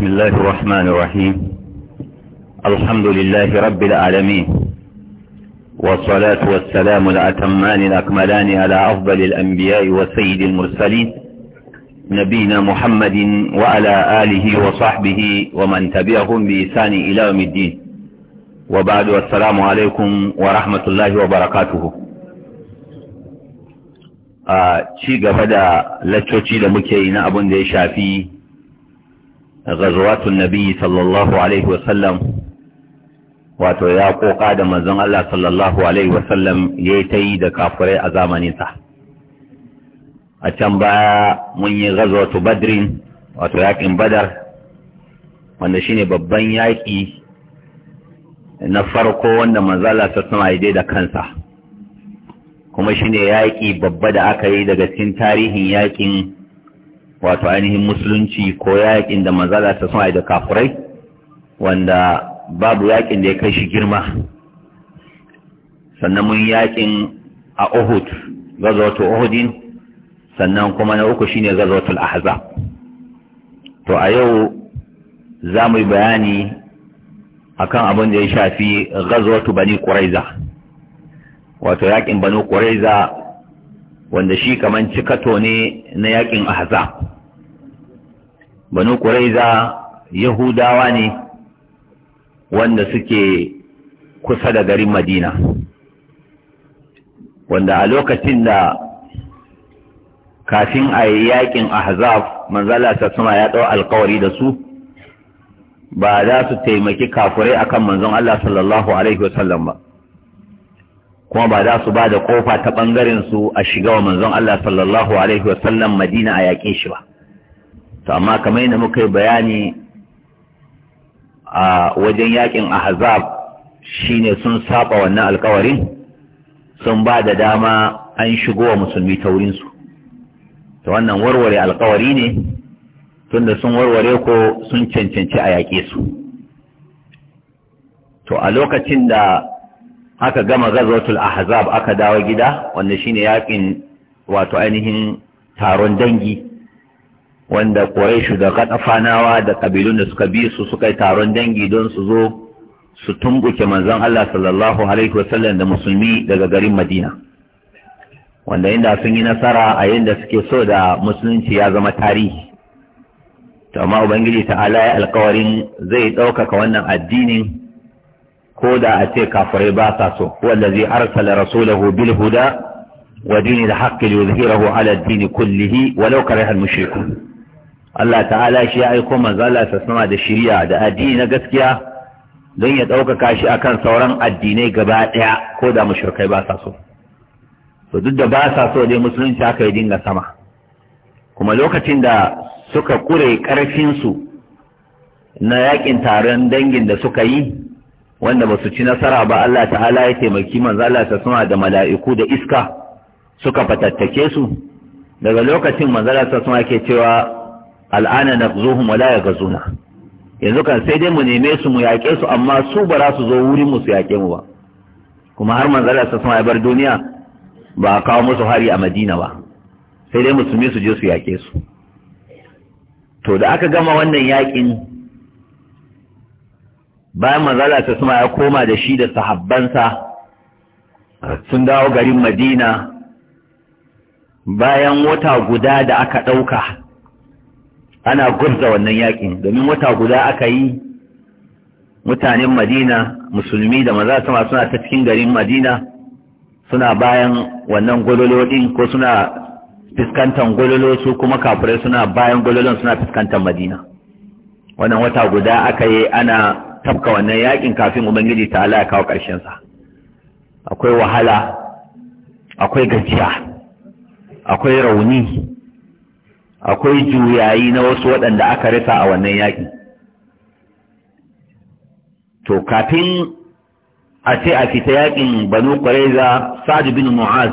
بسم الله الرحمن الرحيم الحمد لله رب العالمين والصلاة والسلام الأتمان الأكملان على أفضل الأنبياء وسيد المرسلين نبينا محمد وعلى آله وصحبه ومن تبعهم بإسان إلى يوم الدين وبعد والسلام عليكم ورحمة الله وبركاته آه، شيء gaba لا تشيل مكينا muke yi شافي غزوات النبي صلى الله عليه وسلم wato ya koka da manzon Allah sallallahu alaihi wasallam ya yi ta yi da kafurai a zamaninsa a can baya mun yi gazwatu badrin wato yakin badar wanda shine babban yaƙi na farko wanda manzala ta sama ya da kansa kuma shine yaƙi babba da aka yi daga cikin tarihin yaƙin wato ainihin musulunci ko yaƙin da manzala ta sama da kafurai wanda babu yaƙin da ya kai shi girma sannan mun yaƙin a Uhud gazawatu Uhudin sannan kuma na uku shine Al Ahzab to a yau za mu yi bayani akan abin da ya shafi gazawatu Bani Quraiza wato yaƙin Bani Quraiza wanda shi kamar cikato ne na yaƙin Ahzab banu ƙuraiza yahudawa ne wanda suke kusa da garin madina wanda a lokacin da kafin a yi yakin ahzab manzala ta suna ya ɗau alkawari da su ba za su taimaki kafurai akan manzon Allah sallallahu alaihi wasallam ba kuma ba za su ba da kofa ta ɓangaren su a shiga wa manzon Allah sallallahu alaihi wasallam madina a yaƙin shi ba to amma kamar yadda muka yi bayani a wajen yakin ahzab shine sun saba wannan alkawarin sun ba da dama an shigo wa musulmi ta su, ta wannan warware alkawari ne tunda sun warware ko sun cancanci a yaƙe su to a lokacin da aka gama gazawatul ahzab aka dawo gida wanda shine yakin wato ainihin taron dangi wanda Quraishu da Qatafanawa da kabilun da suka bi su suka yi taron dangi don su zo su tumbuke manzon Allah sallallahu alaihi wasallam da musulmi daga garin Madina wanda inda sun yi nasara a yadda suke so da musulunci ya zama tarihi to amma ubangiji ta'ala ya alkawarin zai ɗaukaka wannan addinin ko da a ce kafirai ba sa so zai arsala rasulahu bil huda wa dinil haqqi yuzhirahu ala ad kullihi walau karaha mushrikun Allah ta'ala shi ya aiko manzala ta sama da shirya da addini na gaskiya don ya ɗaukaka shi akan sauran addinai gaba ɗaya ko da mushrikai ba sa so to duk da ba sa so dai musulunci haka ya dinga sama kuma lokacin da suka kure ƙarfinsu na yakin taron dangin da suka yi wanda ba su ci nasara ba Allah ta'ala ya taimaki manzala sama da mala'iku da iska suka fatattake su daga lokacin manzala sama ke cewa al'ana naqzuhum ga zuna? yanzu kan sai dai mu neme su mu yaƙe su amma su ba za su zo wuri mu su yaƙe mu ba kuma har manzon Allah sallallahu bar duniya ba a kawo musu hari a Madina ba sai dai musulmi su je su yaƙe su to da aka gama wannan yaƙin bayan manzon Allah sallallahu ya koma da shi da sahabbansa sun dawo garin Madina bayan wata guda da aka ɗauka ana gurza wannan yakin domin wata guda aka yi mutanen madina musulmi da maza sama suna ta cikin garin madina suna bayan wannan gololodin ko suna fiskantar gololo su kuma kafirai suna bayan gololon suna fiskantar madina wannan wata guda aka yi ana tafka wannan yakin kafin ubangiji ta ala ya kawo sa. akwai wahala akwai gajiya akwai rauni akwai juyayi na wasu waɗanda aka rasa a wannan yaƙi to kafin a ce a fita yaƙin banu ƙwareza sa'ad bin mu'az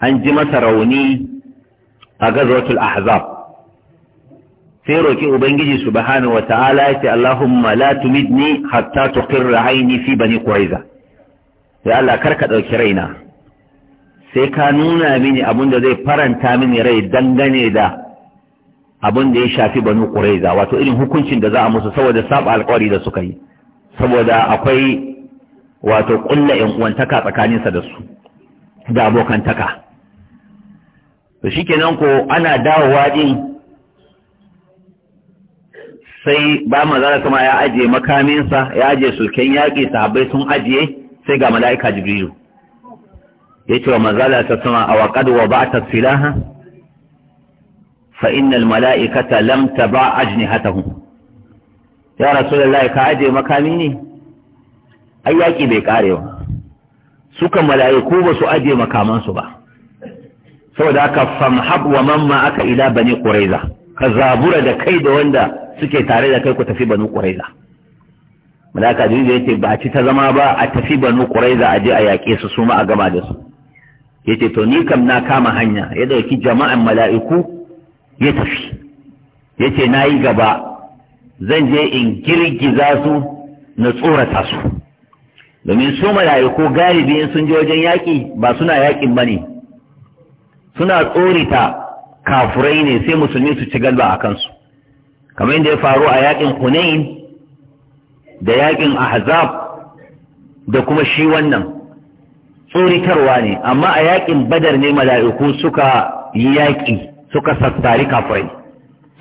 an ji masa rauni a gazwatul ahzab sai roƙi ubangiji subhanahu ta'ala ya ce Allahumma la tumidni hatta tuqirra aini fi bani quraiza ya Allah karka ɗauki raina sai ka nuna mini abin da zai faranta mini rai dangane da abin da ya shafi banu ƙuraiza, wato irin hukuncin da za a musu saboda saba alƙawari da suka yi saboda akwai wato ƙulla yan uwantaka tsakaninsa da su da abokantaka to kenan ko ana dawowa din sai ba manzara kuma ya ajiye makaminsa ya ajiye sulken yaƙi sahabbai sun ajiye sai ga mala'ika jibrilu yace wa manzala ta sama a waqad wa ta silaha fa innal mala'ikata lam taba ajnihatahum ya rasulullahi ka aje makami ne ai yaki bai karewa suka mala'iku ba su aje makamansu ba saboda haka famhab wa mamma aka ila bani quraiza ka zabura da kai da wanda suke tare da kai ku tafi bani quraiza malaka jibril yace ba a ci ta zama ba a tafi banu quraiza a je a yake su su ma a gama da su ya ce to ni kam na kama hanya ya ɗauki jama'an mala'iku ya tafi ya ce na yi gaba zan je in girgiza su na tsorata su domin su mala'iku galibi sun je wajen yaƙi ba suna yaƙin ba ne suna tsorita kafurai ne sai musulmi su ci galba a kansu kamar yadda ya faru a yaƙin hunain da yaƙin ahzab da kuma shi wannan tsoritarwa ne amma a yakin badar ne mala'iku suka yi yaƙi suka sassari kafirai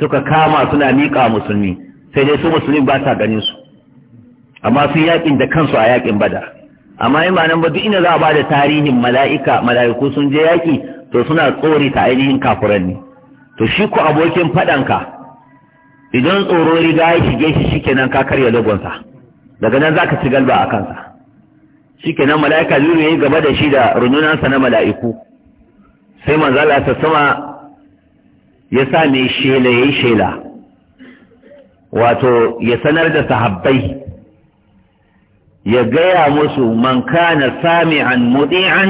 suka kama suna miƙa musulmi sai dai su musulmi ba sa ganin su amma sun yakin da kansu a yakin badar amma in ba ba duk ina za a ba da tarihin mala'ika mala'iku sun je yaƙi to suna tsori ainihin kafuran ne to shi ku abokin faɗanka idan tsoro riga ya shige shi kenan ka karya lagonsa daga nan za ka ci galba a kansa shikenan mala'ika jibril yayi gaba da shi da rundunansa na mala'iku sai manzo Allah ta sama ya sa mai shela yayi shela wato ya sanar da sahabbai ya gaya musu man kana sami'an mudi'an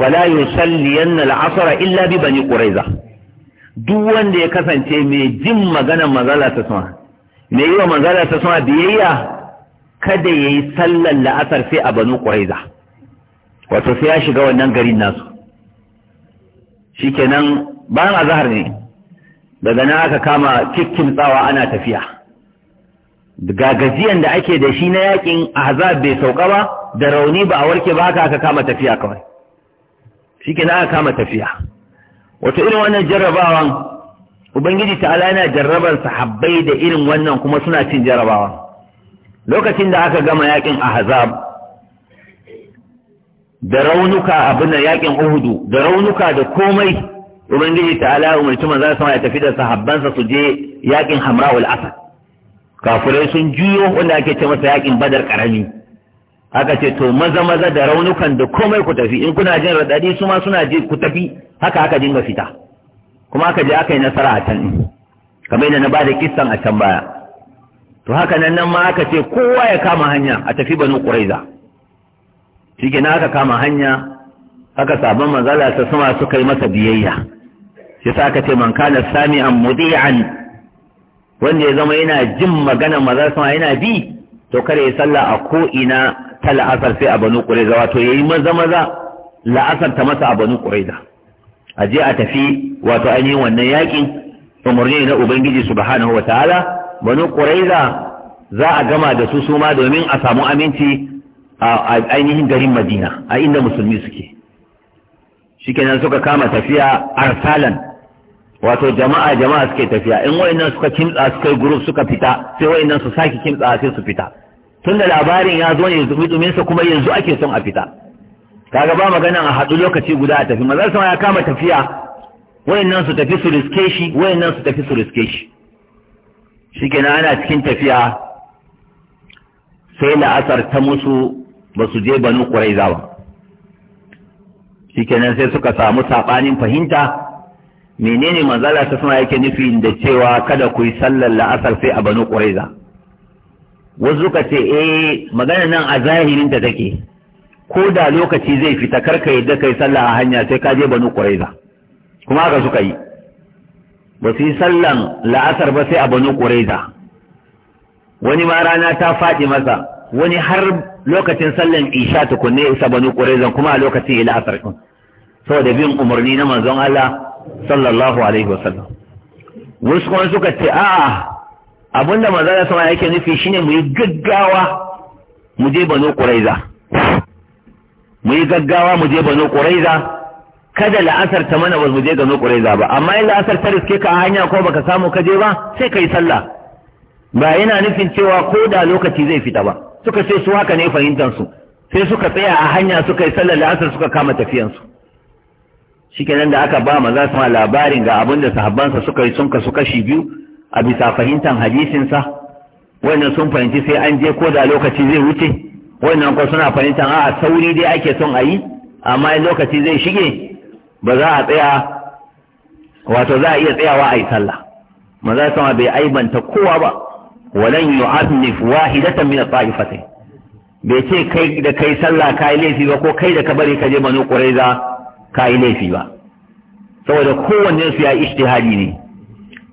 fala yusalliyanna al-asr illa bi bani quraiza duk wanda ya kasance mai jin magana manzala ta sama mai yi wa manzala ta sama biyayya kada ya yi sallar la'asar sai a banu ƙwaiza wato sai ya shiga wannan garin nasu shi kenan na zahar ne daga nan aka kama cikin tsawa ana tafiya ga gajiyan da ake da shi na yakin azab bai sauka ba da rauni ba a warke ba haka aka kama tafiya kawai shi kenan aka kama tafiya wato irin wannan jarrabawan ubangiji ta'ala yana jarrabar sahabbai da irin wannan kuma suna cin jarrabawan lokacin da aka gama yakin ahzab da raunuka abin da yakin uhudu da raunuka da komai ubangiji ta'ala umarci manzo sama ya tafi da sahabbansa su je yakin hamra'ul asad kafirai sun juyo wanda ake ce masa yakin badar karami aka ce to maza maza da raunukan da komai ku tafi in kuna jin radadi su ma suna je ku tafi haka aka dinga fita kuma aka je aka yi nasara a can kamar yadda na da kissan a can baya to haka nan nan ma aka ce kowa ya kama hanya a tafi banu quraiza shike na aka kama hanya aka sabon manzala ta sama suka yi masa biyayya shi sa aka ce man kana sami'an mudi'an wanda ya zama yana jin magana manzala sama yana bi to kare ya salla a ko ina ta la'asar sai a banu quraiza wato yayi maza maza la'asar ta masa a banu quraiza a je a tafi wato ainihin wannan yakin umarni na ubangiji subhanahu wataala bani quraiza za a gama da su suma domin a samu aminci a ainihin garin madina a inda musulmi suke shikenan suka kama tafiya arsalan wato jama'a jama'a suke tafiya in wayannan suka kimtsa suka yi guruf, suka fita sai wayannan su sake kimtsa sai su fita tun da labarin ya zo ne dumi sa kuma yanzu ake son a fita kaga ba magana a haɗu lokaci guda a tafi maza sama ya kama tafiya wayannan su tafi su riske shi wayannan su tafi su riske shi shi ana cikin tafiya sai la'asar ta musu ba su je banu kurai ba shi kenan sai suka samu saɓanin fahimta menene manzala ta suna yake nufi da cewa kada ku yi sallar la'asar sai a banu za? wasu suka ce eh magana nan a zahirin ta take ko da lokaci zai fita karka yadda kai sallah a hanya sai ka je banu za? kuma haka suka yi ba su yi sallan la'asar ba sai a banu ƙuraiza wani ma rana ta faɗi masa wani har lokacin sallan isha tukunne ya isa banu kuma a lokacin ya la'asar ɗin da bin umarni na manzon Allah sallallahu alaihi wasallam wasu kuma suka ce a'a abinda manzon Allah sama yake nufi shine mu yi gaggawa mu je banu ƙuraiza mu yi gaggawa mu je banu kada la'asar ta mana ba mu je nukure za ba amma in la'asar ta riske ka hanya ko baka samu ka je ba sai ka yi sallah ba yana nufin cewa ko da lokaci zai fita ba suka ce su haka ne fahimtar su sai suka tsaya a hanya suka yi sallah la'asar suka kama su shikenan da aka ba ma za su ma labarin ga abin da sahabbansa suka yi sun kasu kashi biyu a bisa fahimtar hadisinsa wannan sun fahimci sai an je ko da lokaci zai wuce wannan ko suna fahimtar a sauri dai ake son a yi amma lokaci zai shige ba za a tsaya wato za a iya tsayawa a yi sallah maza sama bai aibanta kowa ba walan yu'annif wahidatan min al taifatin bai ce kai da kai sallah kai laifi ba ko kai da ka bari ka je banu quraiza kai laifi ba saboda kowanne su ya ijtihadi ne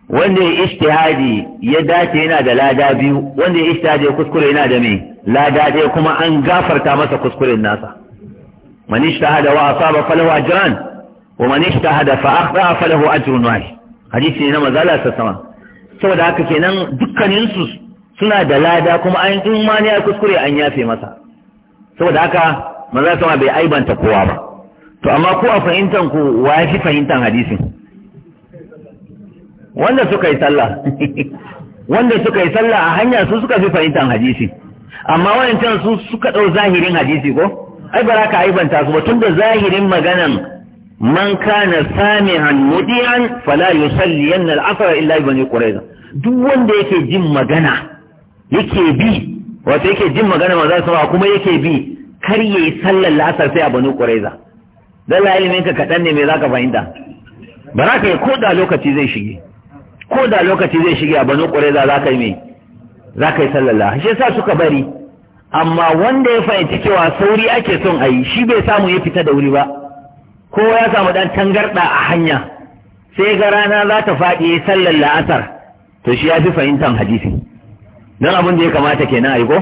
wanda ya ijtihadi ya dace yana da lada biyu wanda ya ijtihadi ya kuskure yana da mai. lada ɗaya kuma an gafarta masa kuskuren nasa man ijtahada wa asaba falahu ajran wa man ishtahada fa akhta falahu ajrun wahid hadisi ne na mazala ta sama saboda haka kenan dukkanin su suna da lada kuma an in ma ne kuskure an yafe masa saboda haka manzala sama bai aibanta kowa ba to amma ko a fahimtan ku wa fi fahimtan hadisin wanda suka yi sallah wanda suka yi sallah a hanya su suka fi fahimtar hadisi amma wayancan su suka ɗau zahirin hadisi ko ai ba za ka aibanta su ba tun da zahirin maganan man kana samihan mudiyan fala yusalli al-asr illa ibn qurayza duk wanda yake jin magana yake bi wato yake jin magana maza sama kuma yake bi kar yayi sallar la'asar sai a bani quraiza dan la ilimin ka kadan ne me zaka fahimta Bara ka yi ko da lokaci zai shige ko da lokaci zai shige a bani quraiza za ka yi me za ka yi sallar la'asar shi yasa suka bari amma wanda ya fahimci cewa sauri ake son a yi shi bai samu ya fita da wuri ba ko ya samu dan tangarda a hanya sai ga rana za ta faɗi sallar la'asar to shi ya fi fahimtar hadisi don abin da ya kamata ke nan ko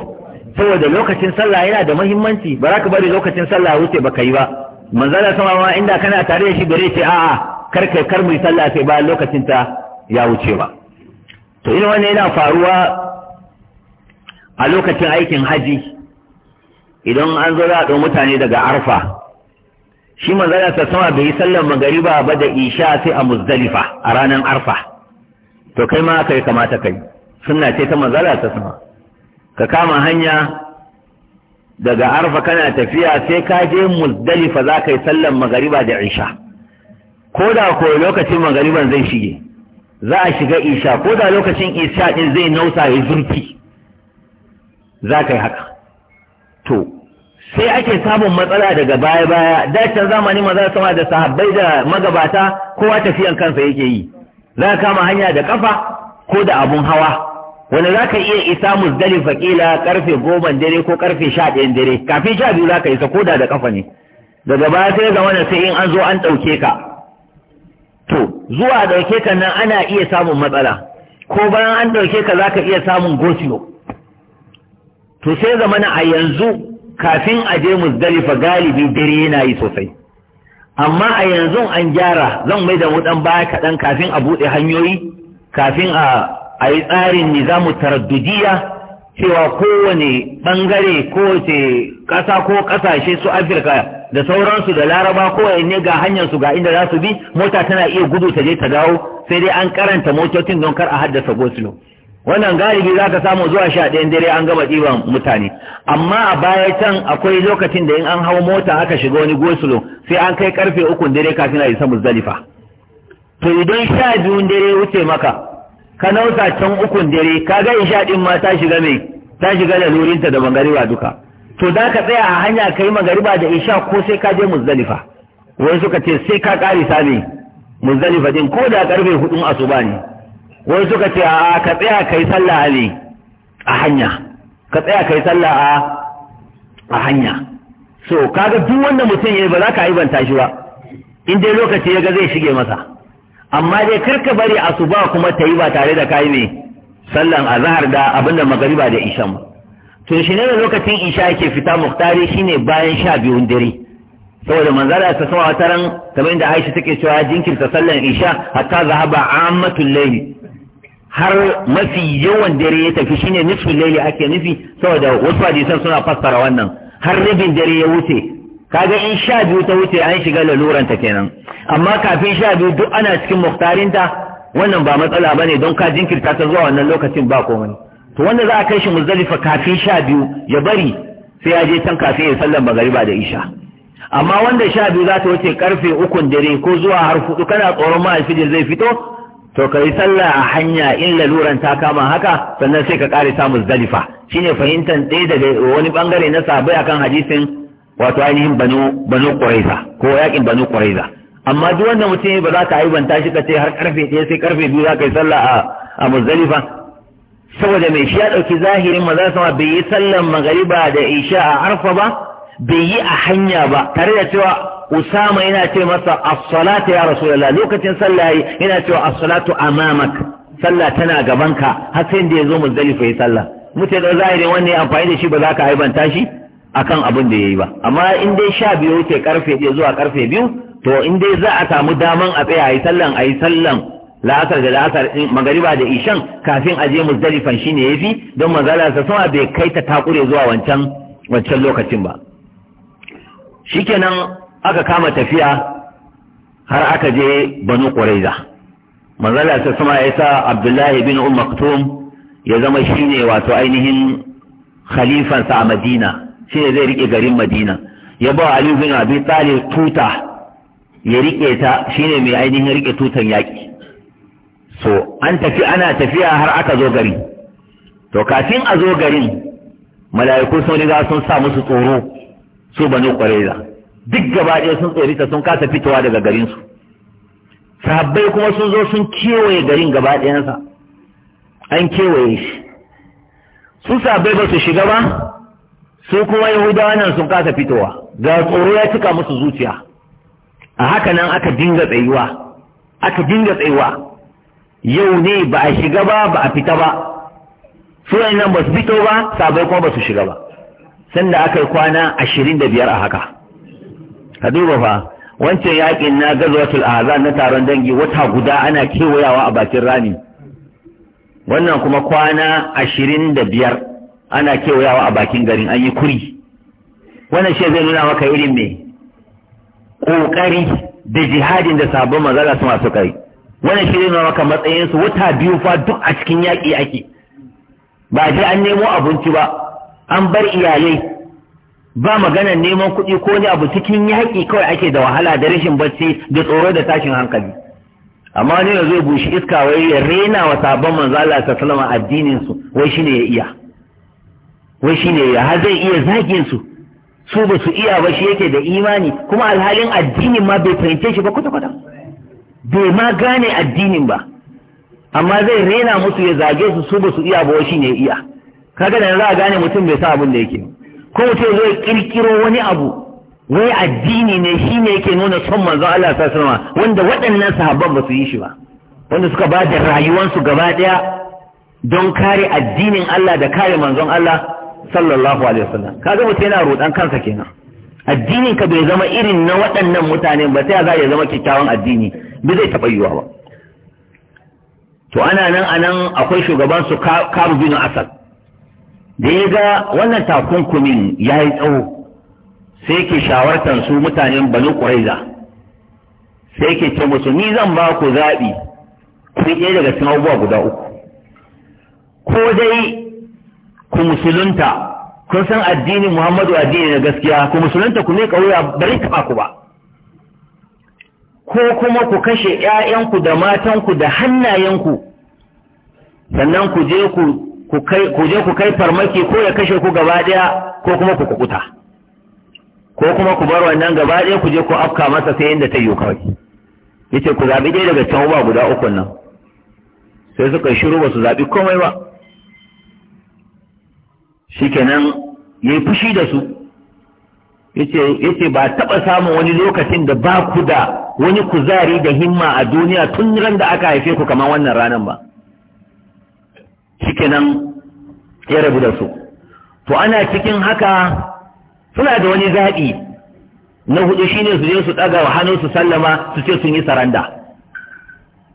saboda lokacin sallah yana da muhimmanci ba za ka bari lokacin sallah wuce baka yi ba manzala sama ma inda kana tare da shi bare ce a'a kar kai kar mu sallah sai ba lokacin ta ya wuce ba to ina wannan yana faruwa a lokacin aikin haji idan an zo za a mutane daga arfa shi manzala ta sama bai yi sallar magariba ba da isha sai a muzdalifa a ranar arfa to kai ma aka yi kamata kai sunna ce ta mazala ta sama ka kama hanya daga arfa kana tafiya sai ka je muzdalifa za ka yi sallar magariba da isha ko da ko lokacin magariban zai shige za a shiga isha ko da lokacin isha din zai nausa ya zurfi za ka yi haka to sai ake samun matsala daga baya-baya dacin zamani maza sama da sahabbai da magabata kowa tafiyan kansa yake yi za kama hanya da kafa ko da abun hawa wani za ka iya isa musdali faƙila karfe goma dare ko karfe sha ɗayan dare kafin sha biyu za ka isa ko da da kafa ne daga baya sai zama da sai in an zo an ɗauke ka to zuwa ɗauke ka nan ana iya samun matsala ko bayan an ɗauke ka za ka iya samun gosiyo to sai zama na a yanzu kafin a je musdalifa galibi dare yana yi sosai amma a yanzu an gyara zan mai da mu dan baya kaɗan kafin a buɗe hanyoyi kafin a yi tsarin nizamu taraddudiya cewa kowane ɓangare kowace ƙasa ko ƙasashe su afirka da sauransu da laraba kowanne ga hanyar su ga inda za su bi mota tana iya gudu ta je ta dawo sai dai an karanta motocin don kar a haddasa gosulo wannan galibi za ka samu zuwa sha ɗayan dare an gaba ɗiban mutane amma a baya can akwai lokacin da in an hau mota aka shiga wani gosulo sai an kai karfe ukun dare kafin a isa muzdalifa to idan sha biyun dare wuce maka ka nausa can ukun dare ka ga isha ɗin ma ta shiga mai ta shiga lurinta da magariba duka to za ka tsaya a hanya ka yi magariba da isha ko sai ka je muzdalifa wani suka ce sai ka ƙarisa ne muzdalifa ɗin ko da karfe huɗun asuba ne wai suka ce a ka tsaya kai sallah ne a hanya ka tsaya kai sallah a hanya so kaga duk wanda mutum yayi ba za ka ibanta shi ba in dai lokaci ya ga zai shige masa amma dai kar ka bari asuba kuma ta yi ba tare da kai ne sallan azhar da abinda magariba da isha ne. to shi ne lokacin isha yake fita muhtari shine bayan sha biyun dare saboda manzara ta sawa taran kamar da Aisha take cewa jinkirta sallan isha hatta zahaba ammatul layl har mafi yawan dare ya tafi shine nisfin laili ake nufi saboda wasu hadisan suna fassara wannan har rabin dare ya wuce kaga in sha biyu ta wuce an shiga laluran ta kenan amma kafin sha biyu duk ana cikin muktarinta wannan ba matsala bane don ka jinkirta ta zuwa wannan lokacin ba komai to wanda za a kai shi muzdalifa kafin sha biyu ya bari sai ya je can kafin ya sallan magariba da isha amma wanda sha biyu za ta wuce karfe ukun dare ko zuwa har hudu kana tsoron ma zai fito to ka yi sallah a hanya in laluran ta kama haka sannan sai ka kare samu zalifa shine fahimtar ɗaya daga wani bangare na sabai akan hadisin wato ainihin banu banu ko yakin banu quraiza amma duk wanda mutum ba za ka aibanta shi ka ce har karfe ɗaya sai karfe biyu za ka yi sallah a muzdalifa saboda mai shi ya ɗauki zahirin maza sama bai yi sallan magariba da isha a arfa ba bai yi a hanya ba tare da cewa usama yana ce masa as-salatu ya rasulullah lokacin sallah yayi yana cewa as-salatu amamak sallah tana gabanka har sai da yazo muzdalifa yi sallah mutai da zahiri wanda ya amfani da shi ba za ka aibanta shi akan abin da yayi ba amma in dai sha biyu yake karfe ɗaya zuwa karfe biyu to in dai za a samu daman a tsaya ayi sallan ayi sallan la'asar da la'asar din magariba da ishan kafin a je muzdalifan shine yafi don manzala sa sama bai kai ta takure zuwa wancan wancan lokacin ba shikenan aka kama tafiya har aka je banu ƙuraiza manzala ta sama ya sa abdullahi bin um ya zama ne wato ainihin khalifansa a madina ne zai rike garin madina ya ba ali bin abi talib tuta ya rike ta ne mai ainihin rike tutan yaƙi. so an tafi ana tafiya har aka zo gari to kafin a zo garin mala'iku sun riga sun sa musu tsoro su banu ƙwareza duk gaba ɗaya sun ta sun kasa fitowa daga garinsu sahabbai kuma sun zo sun kewaye garin gaba ɗayansa an kewaye shi su sahabbai ba su shiga ba su kuma yahudawa nan sun kasa fitowa ga tsoro ya cika musu zuciya a haka nan aka dinga tsayuwa aka dinga tsayuwa yau ne ba a shiga ba ba a fita ba su nan ba su fito ba sabai kuma ba su shiga ba sanda aka yi kwana ashirin da biyar a haka ka duba fa wancan yakin na gazwatul azan na taron dangi wata guda ana kewayawa a bakin rami wannan kuma kwana ashirin da biyar ana kewayawa a bakin garin an yi kuri wannan shi zai nuna maka irin mai ƙoƙari da jihadin da sabon mazala su masu kai wannan shi zai nuna maka matsayinsu wata biyu fa duk a cikin yaƙi ake ba je an nemo abinci ba an bar iyalai ba maganar neman kuɗi ko ne abu cikin yaƙi kawai ake da wahala da rashin bacci da tsoro da tashin hankali amma ne da zai bushi iska wai ya rena wa sabon manzo Allah ta sallama addinin su wai shine ya iya wai shine ya har zai iya zagin su su ba su iya ba shi yake da imani kuma alhalin addinin ma bai fahimce shi ba kwata kwata bai ma gane addinin ba amma zai rena musu ya zage su su ba su iya ba wai shine ya iya kaga da za a gane mutum bai sa abin da yake ba ko mutum zai kirkiro wani abu wai addini ne shi ne yake nuna son manzo Allah ta sama wanda waɗannan sahabban ba su yi shi ba wanda suka ba da rayuwansu gaba ɗaya don kare addinin Allah da kare manzon Allah sallallahu alaihi wasallam kaga mutum yana roɗan kansa kenan addinin ka bai zama irin na waɗannan mutane ba sai za ya zama kyakkyawan addini bai zai taɓa yiwa ba to ana nan anan akwai shugaban su Kabu bin asad da ya ga wannan takunkumin ya yi tsawo sai ke shawartar su mutanen banu ƙuraiza sai ke ce musu ni zan ba ku zaɓi ku ɗaya daga cikin abubuwa guda uku ko dai ku musulunta kun san addinin muhammadu addini na gaskiya ku musulunta ku ne ƙauya bari taɓa ku ba ko kuma ku kashe ‘ya'yanku da matanku da hannayenku sannan ku je ku ku je ku kai farmaki ko ya kashe ku gaba daya ko kuma ku kukuta ko kuma ku bar wannan gaba daya ku je ku afka masa sai inda ta yi kawai yace ku zabi dai daga can uba guda uku nan sai suka shiru ba su zabi komai ba shikenan yi fushi da su yace ba taba samun wani lokacin da ba ku da wani kuzari da himma a duniya tun ran da aka haife ku kamar wannan ranan ba shikenan ya rabu da su to ana cikin haka suna da wani zaɓi na hudu shine su je su ɗaga wa hannu su sallama su ce sun yi saranda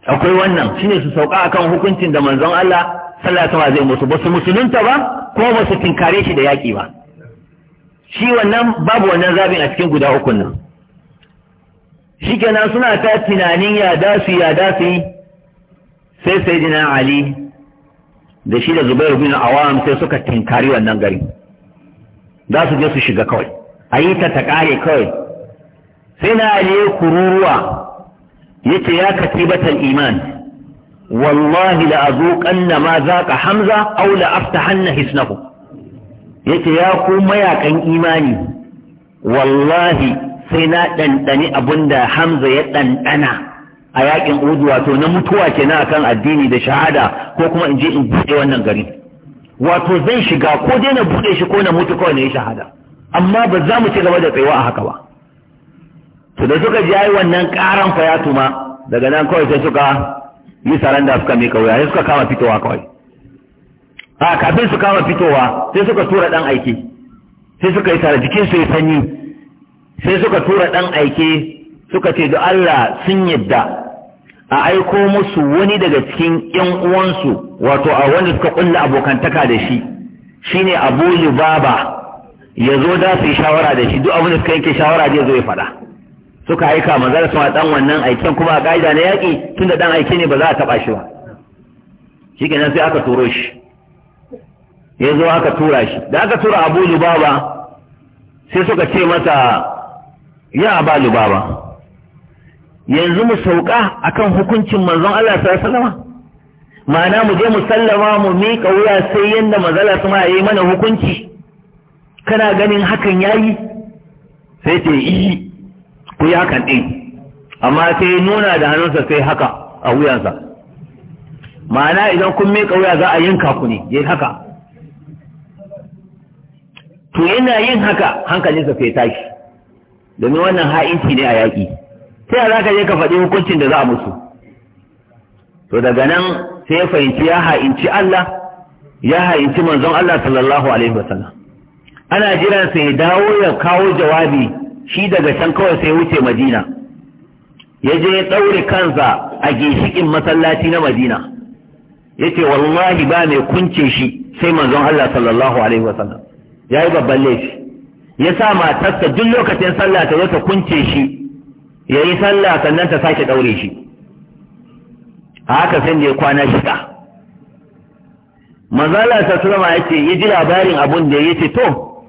akwai wannan shine su sauka akan hukuncin da manzon Allah sallallahu alaihi zai musu ba su musulunta ba ko ba su tinkare shi da yaƙi ba shi wannan babu wannan zabin a cikin guda uku nan shikenan suna ta tunanin ya da su ya da sai sayyidina Ali da shi da Zubairu bin Awam sai suka tinkari wannan gari za su je su shiga kawai a yi ta kare kawai sai na aliyu kururuwa yace ya katibatal iman wallahi la azuqanna ma ka hamza au la hanna hisnahu yace ya ku mayakan imani wallahi sai na dandani da hamza ya dandana a yakin Uhud wato na mutuwa kenan akan addini da shahada ko kuma in je in buɗe wannan gari wato zai shiga ko dai na buɗe shi ko na mutu kawai na yi shahada amma ba za mu ci gaba da tsayuwa a haka ba to da suka ji ai wannan karan fayatuma daga nan kawai sai suka yi saranda suka mika wuya sai suka kama fitowa kawai a kafin su kama fitowa sai suka tura dan aiki. sai suka yi tare jikin su ya sanyi sai suka tura dan aiki. suka ce da Allah sun yadda a aiko musu wani daga cikin ‘yan uwansu wato a wanda suka kulla abokantaka da shi shine abu lubaba ya zo da su shawara da shi duk abin da suka yanke shawara zai zo ya faɗa suka aika manzara suna ɗan wannan aikin, kuma a ƙa'ida na yaƙi tun da ɗan ne ba za a taɓa shi ba shikenan sai aka turo shi ya zo aka tura shi da aka tura abu lubaba sai suka ce masa ya ba lubaba yanzu mu sauka akan hukuncin manzon Allah sallallahu salama ma'ana mu je mu sallama mu miƙa wuya sai yanda mazala su ma yi mana hukunci kana ganin hakan yayi sai ce yi ku yi hakan ɗin amma sai nuna da hannunsa sai haka a wuyansa ma'ana idan kun miƙa wuya za a yanka ku ne yayi haka to yana yin haka hankalinsa sai tashi domin wannan ha'inci ne a yaƙi Sai yaya za ka je ka faɗi hukuncin da za a musu to daga nan sai ya fahimci ya ha'inci Allah ya ha'inci manzon Allah sallallahu alaihi wasallam ana jiran sai dawo ya kawo jawabi shi daga can kawai sai wuce Madina ya je ya ɗaure kansa a gishikin masallaci na Madina ya ce wallahi ba mai kunce shi sai manzon Allah sallallahu alaihi wasallam ya yi babban laifi ya sa matarsa duk lokacin sallah ta zo ta kunce shi ya yi sallah sannan ta sake ɗaure shi a haka sai da ya kwana shida mazala ta sulama ya ce ya ji labarin abun da ya ce to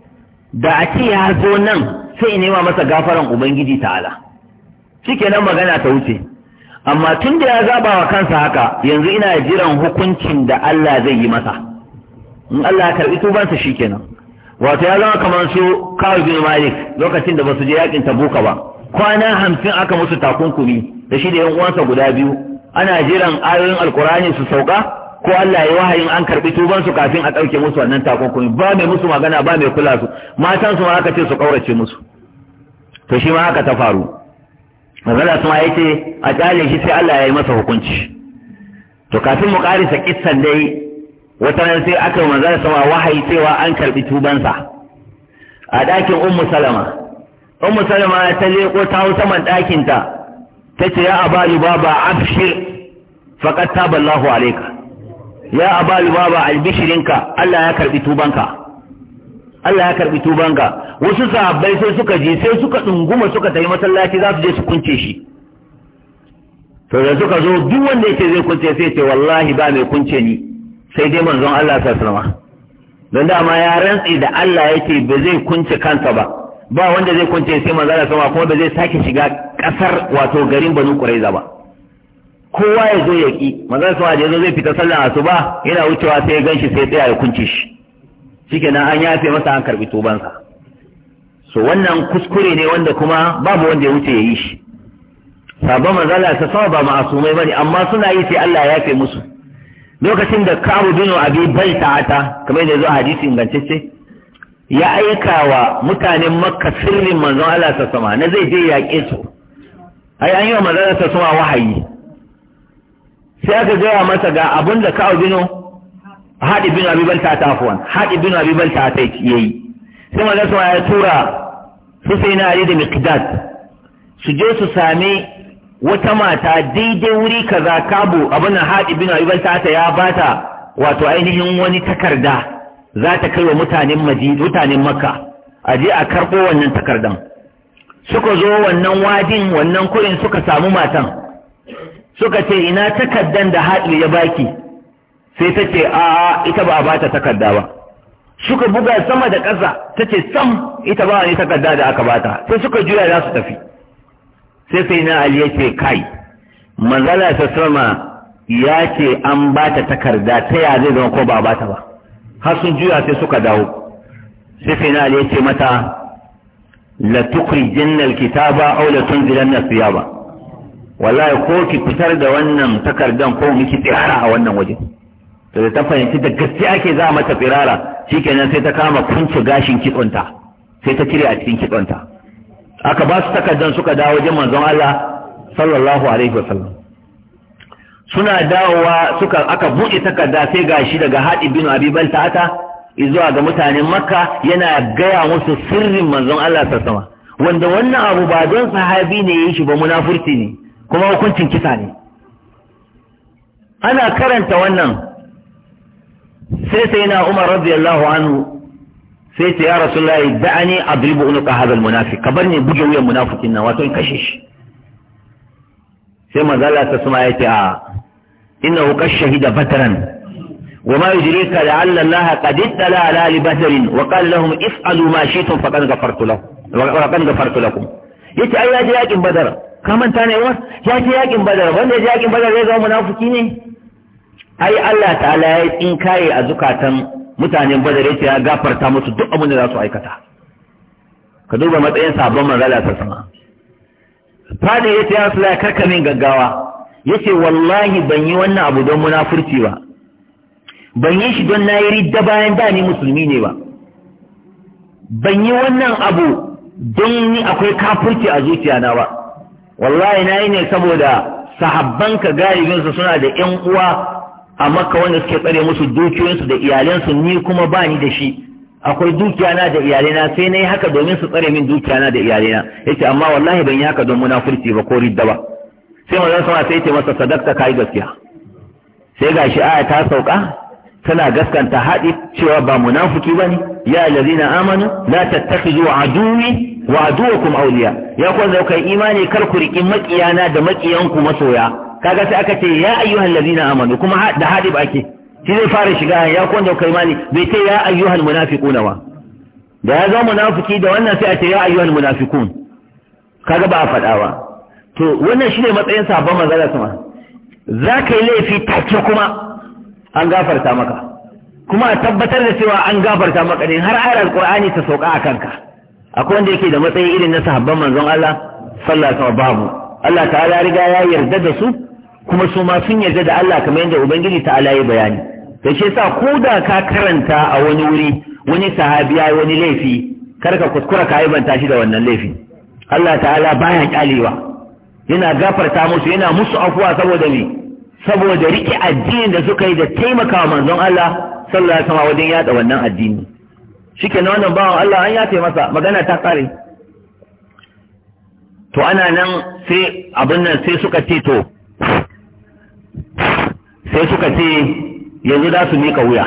da a ce ya zo nan sai in nema masa gafaran ubangiji ta'ala nan magana ta wuce amma tun da ya zaba wa kansa haka yanzu ina jiran hukuncin da Allah zai yi masa in Allah ya karbi tubansa shikenan wato ya zama kamar su kawai bin malik lokacin da ba su je yakin tabuka ba kwana hamsin aka musu takunkumi da shi da yan uwansa guda biyu ana jiran ayoyin alkurani su sauka ko Allah ya wahayin an karbi tuban su kafin a ɗauke musu wannan takunkumi ba mai musu magana ba mai kula su matan su ma aka ce su kaurace musu to shi ma aka ta faru magana su ma yace a tsale shi sai Allah ya yi masa hukunci to kafin mu karisa kissan dai wata nan sai aka yi magana sama wahayi cewa an karbi tubansa a ɗakin ummu salama ummu salama ta leko ta hau saman ɗakinta ta ce ya aba lubaba abshir faqad taba Allahu alayka ya aba lubaba albishirinka Allah ya karbi tubanka Allah ya karbi tubanka wasu sahabbai sai suka je sai suka dunguma suka tafi masallaci za su je su kunce shi to da suka zo duk wanda yake zai kunce sai ce wallahi ba mai kunce ni sai dai manzon Allah sallallahu alaihi wasallam don dama ya rantsi da Allah yake ba zai kunce kansa ba ba wanda zai kwance sai Allah sama kuma ba zai sake shiga kasar wato garin banu Qurayza ba kowa ya zo ya ki manzo Allah da yazo zai fita sallar asuba yana wucewa sai ya ganshi sai tsaya ya kunce shi shikenan an yafe masa an karbi sa so wannan kuskure ne wanda kuma babu wanda ya wuce ya yi shi sabon Allah ta sama ba ma'asumai bane amma suna yi sai Allah ya yafe musu lokacin da kabu bin abi baita ata kamar da zo hadisi ingantacce ya aika wa mutanen makka sirrin manzon Allah ta sama na zai je yaƙe su ai an yi wa manzon Allah ta sama wahayi sai aka gaya masa ga abin da kawo bino haɗi bino abiban ta tafuwan haɗi bino abiban ta ta yi sai manzon sama ya tura su sai na ali da miqdad su je su sami wata mata daidai wuri kaza kabu abin haɗi bino abiban ta ta ya bata wato ainihin wani takarda za ta kai wa mutanen mutanen makka a je a karɓo wannan takardan suka zo wannan wadin wannan kurin suka samu matan suka ce ina takardan da haɗi ya baki sai ta ce a ita ba a ba ta takarda ba suka buga sama da ƙasa ta ce sam ita ba ni takarda da aka bata sai suka juya za su tafi sai sai na ali ya ce kai manzala ta sama ya ce an ba ta takarda ta yaya zai zama ko ba a ba ta ba har sun juya sai suka dawo sai sai ya ce mata la jinnal kitaba aw la tunzilanna nasiyaba wallahi ko ki fitar da wannan takardan ko miki tsirara a wannan waje to da ta fahimci da gaskiya ake za mata tsirara shikenan sai ta kama kunce gashin kitsonta sai ta cire a cikin kitsonta aka ba su takardan suka dawo wajen manzon Allah sallallahu alaihi wasallam suna dawowa suka aka buɗe takarda sai gashi daga haɗi bin abi ta zuwa ga mutanen makka yana gaya musu sirrin manzon Allah sama wanda wannan abu ba don sahabi ne yi shi ba munafurci ne kuma hukuncin kisa ne ana karanta wannan sai sai na umar radiyallahu anhu sai ta ya rasulullahi da'ani adribu unuka hadal munafiq ka bar ni buge wuyan munafikin nan wato in kashe shi sai manzo Allah suma ya ce a إنه قد شهد بترا وما يدريك لعل الله قد اطلع على لبتر وقال لهم افعلوا ما شئتم فقد غفرت لكم وقد غفرت لكم yace ai ya je yakin badar ka manta ne wa ya je yakin badar wanda ya je yakin badar zai zama munafiki ne ai Allah ta'ala ya tsinkaye a zukatan mutanen badar yace ya gafarta musu duk abin za su aikata ka duba matsayin sabon manzala ta sama fadi yace ya sula min gaggawa yace wallahi ban yi wannan abu don munafurci ba ban yi shi don na yi ridda bayan da ni musulmi ne ba ban yi wannan abu don ni akwai kafurci a zuciya na ba wallahi na yi ne saboda sahabban ka su suna da ƴan uwa a makka wanda suke tsare musu dukiyoyinsu da iyalansu ni kuma ba ni da shi akwai dukiyana da iyalina sai na yi haka domin su tsare min dukiyana da iyalina yace amma wallahi ban yi haka don munafurci ba ko ridda ba sai manzon sama sai ce masa sadakta kayi gaskiya sai gashi aya ta sauka tana gaskanta haɗi cewa ba munafuki ba ne ya lazina amanu na la zuwa aduwi wa kuma auliya ya kuwa zau kai imani kar ku riƙi maƙiyana da maƙiyanku masoya kaga sai aka ce ya ayyuhal lazina amanu kuma da haɗi ba ake shi zai fara shiga ya kuwa zau kai imani bai ce ya ayyuhan munafiquna ba da ya zama munafiki da wannan sai a ce ya ayyuhan munafiqun kaga ba a faɗa ba to wannan shine matsayin sabon manzala sama za ka yi laifi take kuma an gafarta maka kuma a tabbatar da cewa an gafarta maka ne har ayar alkur'ani ta sauka a kanka akwai wanda yake da matsayi irin na sabon manzon Allah sallallahu alaihi babu Allah ta'ala riga ya yarda da su kuma su ma sun yarda da Allah kamar yadda ubangiji ala ya bayani da shi sa ko da ka karanta a wani wuri wani sahabiya wani laifi kar ka kuskura ka banta shi da wannan laifi? Allah ta'ala baya kyalewa yana gafarta musu yana musu afuwa saboda ne saboda rike addinin da suka yi da taimakawa manzon Allah sallallahu alaihi wasallam wajen yada wannan addini shikenan wannan bawan Allah an yafe masa magana ta kare to ana nan sai abin nan sai suka ce to sai suka ce yanzu za su mika wuya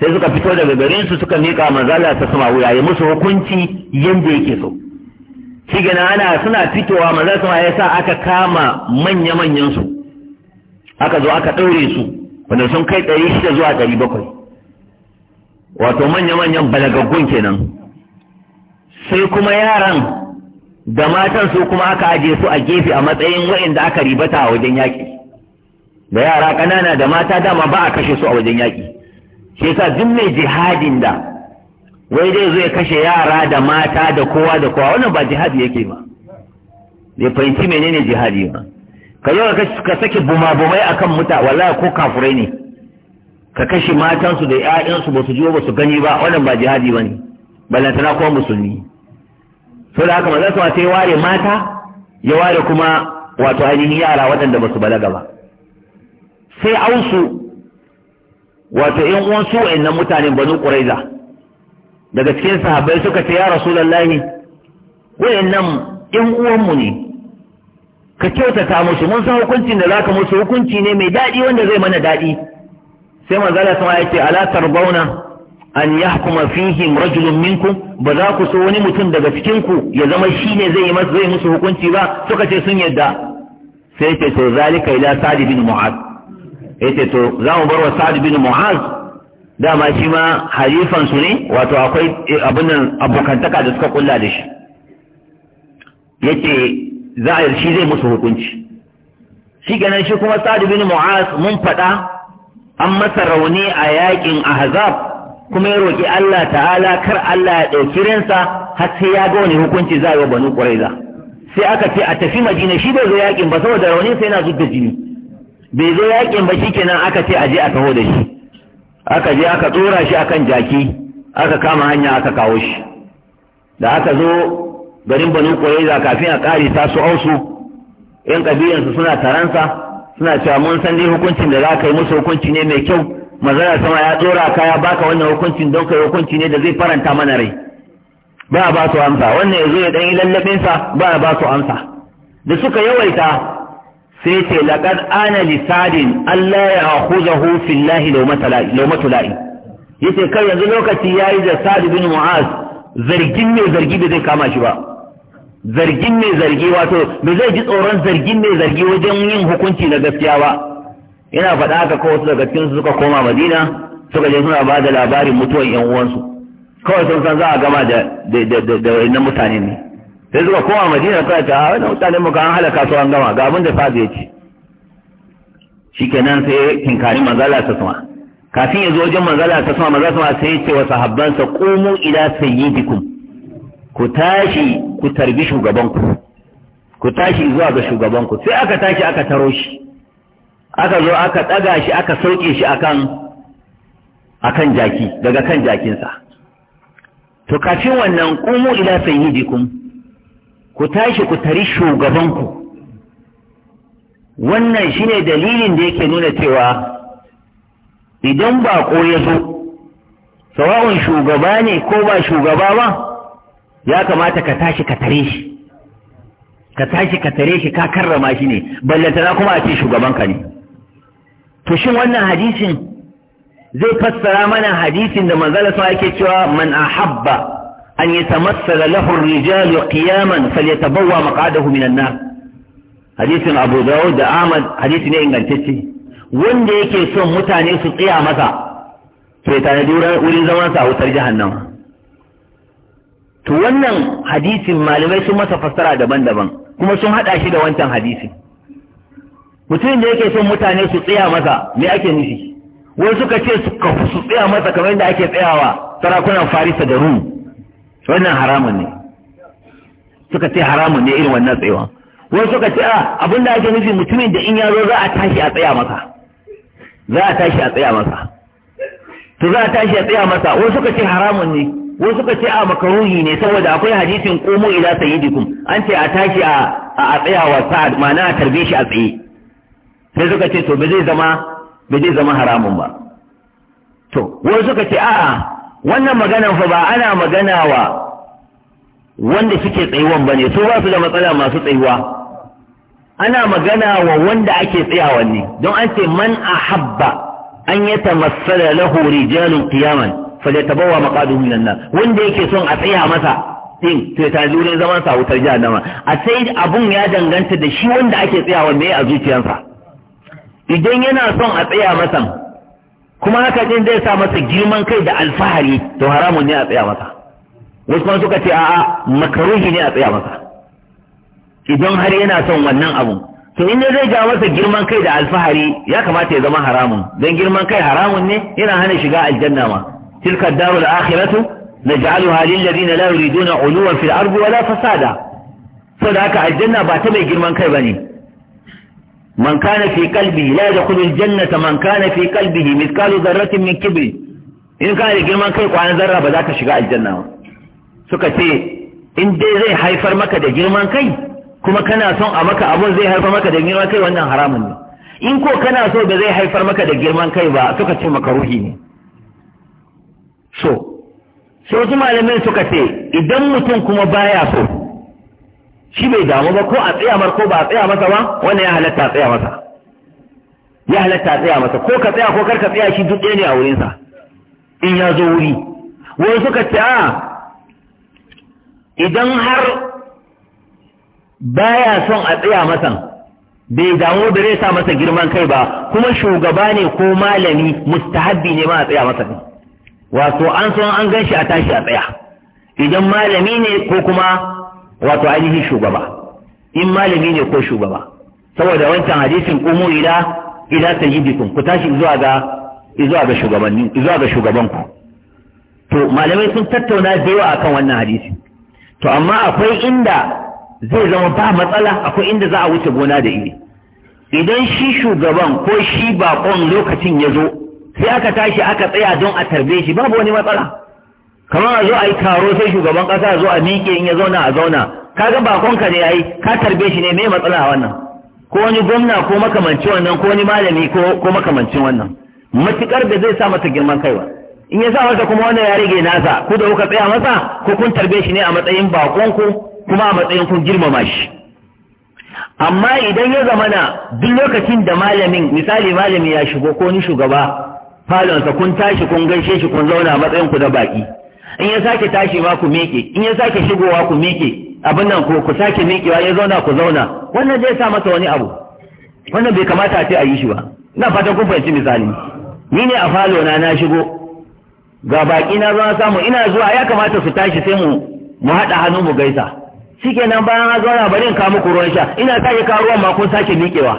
sai suka fito daga garin su suka mika manzala ta sama wuya ya musu hukunci yanda yake so shi gina ana suna fitowa maza sama ya sa aka kama manya-manyan su aka zo aka ɗaure su wanda sun kai ɗari shida zuwa ɗari bakwai wato manya-manyan balagaggun kenan sai kuma yaran da matan su kuma aka aje su a gefe a matsayin wa'inda aka ribata a wajen yaƙi da yara ƙanana da mata dama ba a kashe su a wajen yaƙi shi yasa duk mai jihadin da wai dai zai kashe yara da mata da kowa da kowa wannan ba jihadi yake ba bai fahimci menene jihadi ba ka zo ka sake bumabumai akan muta wallahi ko kafurai ne ka kashe matansu da ƴaƴansu ba su ji ba su gani ba wannan ba jihadi ba ne ballantana ko musulmi so da haka manzo sai ware mata ya ware kuma wato ainihin yara waɗanda ba su balaga ba sai ausu wato ƴan uwan su wa'annan mutanen banu ƙuraiza daga cikin sahabbai suka ce ya rasulullahi nan ƴan uwanmu ne ka kyautata musu mun san hukuncin da zaka musu hukunci ne mai daɗi wanda zai mana daɗi sai manzala sama ya ce ala tarbauna an yahkuma fihim rajulun minkum ba za ku so wani mutum daga cikin ku ya zama shi ne zai yi musu hukunci ba suka ce sun yadda sai ya ce to zalika ila bin mu'az ce to za mu bar wa Sadi bin mu'az dama shi ma halifansu ne wato akwai eh, abunan abokantaka da suka kulla da shi yake za a shi zai musu hukunci shi ganin shi kuma sa'ad bin mu'az mun faɗa an masa rauni a yakin ahzab kuma ya roki Allah ta'ala kar Allah ya ɗauki ransa har sai ya ga wani hukunci za a yi banu quraiza sai aka ce a tafi madina shi bai zo yakin ba saboda rauni sai yana zubda jini bai zo yakin ba shikenan aka ce a je a taho da shi aka je aka tsora shi akan jaki aka kama hanya aka kawo shi da aka zo garin banu da kafin a ta su ausu yan kabilansu suna taransa suna cewa mun san dai hukuncin da za ka yi musu hukunci ne mai kyau mazana sama ya tsora ka ya baka wannan hukuncin don kai hukunci ne da zai faranta mana rai ba ba su amsa wannan ya zo ya dan yi lallabinsa ba ba su amsa da suka yawaita sai ce laƙar ana lisadin Allah ya akhuzahu fillahi laumatu la'i Ya ce kai yanzu lokaci ya yi da sadi bin Mu'az zargin mai zargi da zai kama shi ba zargin mai zargi wato bai zai ji tsoron zargin mai zargi wajen yin hukunci na gaskiya ba yana faɗa haka ko wasu daga cikin suka koma Madina suka je suna ba da labarin mutuwar yan uwansu kawai sun san za a gama da da da mutane ne sai suka koma madina suka ce a ah, wani mutane muka an halaka su an gama ga abin da sabi ya ce kenan sai kinkari manzala ta suma kafin ya zo wajen manzala ta suma manzala ta sai ya ce wa sahabbansa komo ila sayyidikum ku tashi ku tarbi shugabanku ku tashi zuwa ga shugabanku sai aka tashi aka taro shi aka zo aka ɗaga shi aka sauke shi akan akan jaki daga kan jakinsa to kafin wannan komo ila sayyidikum ku tashi ku tari shugabanku wannan shine dalilin da yake nuna cewa idan baƙo ya zo sawa'un shugaba ne ko ba shugaba ba ya kamata ka tashi ka tare shi ka tashi ka tare shi ka karrama shi ne na kuma a ce shugabanka ne to shin wannan hadisin zai fassara mana hadisin da manzala sa ake cewa man ahabba an yi tamassala Rijal wa qiyaman falyatabawwa maq'adahu minan nar hadisin Abu Dawud da Ahmad hadisi ne ingantacce wanda yake son mutane su tsaya masa to ya tanadi wurin zaman sa a wutar jahannama to wannan hadisin malamai sun masa fassara daban-daban kuma sun hada shi da wancan hadisi. mutumin da yake son mutane su tsaya masa me ake nufi wai suka ce su tsaya masa kamar yadda ake tsayawa sarakunan farisa da rum wannan haramun ne suka ce haramun ne irin wannan tsayawa wai suka ce a ah, abin da ake nufi mutumin da in ya zo za a tashi a tsaya masa za a tashi a tsaya masa to za a tashi a tsaya masa wai suka ce haramun ne wai suka ce a ah, makaruhi ne saboda akwai hadisin komo ila sayyidikum an ce a tashi a a wa sa'ad ma'ana a tarbe shi a tsaye sai suka ce to ba zai zama ba zai zama haramun ba to wai suka ce a'a wannan maganan fa ba ana magana wa wanda suke tsayuwan ba ne su ba su da matsala masu tsayuwa ana magana wa wanda ake tsayawa ne don an ce man a habba an yi tamassala lahu rijalun qiyaman tabawa maqaduhu minan nan. wanda yake son a tsaya masa din to ta tazi zaman sa wutar jahannama a sai abun ya danganta da shi wanda ake tsayawa me a zuciyarsa idan yana son a tsaya masa kuma haka din zai sa masa girman kai da alfahari to haramun ne a tsaya masa wasu kuma suka ce a'a makaruhi ne a tsaya masa idan har yana son wannan abun to in zai ja masa girman kai da alfahari ya kamata ya zama haramun dan girman kai haramun ne yana hana shiga aljanna ma tilka darul akhiratu naj'aluha lil ladina la yuriduna uluwan fil ardi wala fasada saboda haka aljanna ba ta mai girman kai bane man kana fi qalbi la yadkhulu aljannata man kana fi qalbihi mithqalu dharratin min kibri in kana da girman kai kwanan zarra ba za ka shiga aljanna ba suka ce in dai zai haifar maka da girman kai kuma kana son a maka abun zai haifar maka da girman kai wannan haramun ne in ko kana so da zai haifar maka da girman kai ba suka ce maka ruhi ne so sai wasu malamai suka ce idan mutum kuma baya so shi bai damu ba ko a tsaya ko ba a tsaya masa ba wannan ya halatta a tsaya masa ya halatta a tsaya masa ko ka tsaya ko kar ka tsaya shi duk ɗaya ne a wurinsa in ya zo wuri wani suka ce a idan har baya son a tsaya masa bai damu da zai sa masa girman kai ba kuma shugaba ne ko malami mustahabbi ne ma a tsaya masa wato an son an gan shi a tashi a tsaya idan malami ne ko kuma wato ainihin shugaba in malami ne ko shugaba saboda wancan hadisin kumu ila ila sayyidikum ku tashi zuwa ga zuwa ga shugabanni zuwa ga shugabanku to malamai sun tattauna da yawa akan wannan hadisi to amma akwai inda zai zama ba matsala akwai inda za a wuce gona da iri idan shi shugaban ko shi bakon lokacin ya zo sai aka tashi aka tsaya don a tarbe shi babu wani matsala kamar a zo a yi taro sai shugaban ƙasa zo a miƙe in ya zauna a zauna ka ga bakonka ne yi ka tarbe shi ne me matsala a wannan ko wani gwamna ko makamancin wannan ko wani malami ko makamancin wannan matukar da zai sa masa girman kaiwa in ya sa masa kuma wannan ya rage nasa ku da kuka tsaya masa ko kun tarbe shi ne a matsayin bakon ku kuma a matsayin kun girmama shi amma idan ya zama na duk lokacin da malamin misali malami ya shigo ko ni shugaba falonsa kun tashi kun gaishe shi kun zauna a matsayin ku da baki in ya sake tashi ma ku miƙe in ya sake shigowa ku miƙe abin nan ko ku sake miƙewa ya zauna ku zauna wannan zai sa masa wani abu wannan bai kamata a ce a yi shi ba ina fatan kun fahimci misali ni ne a falo na na shigo ga baki na zuwa samu ina zuwa ya kamata su tashi sai mu mu haɗa hannu mu gaisa shikenan bayan na zauna bari in kawo muku ruwan sha ina sake kawo ruwan ma kun sake miƙewa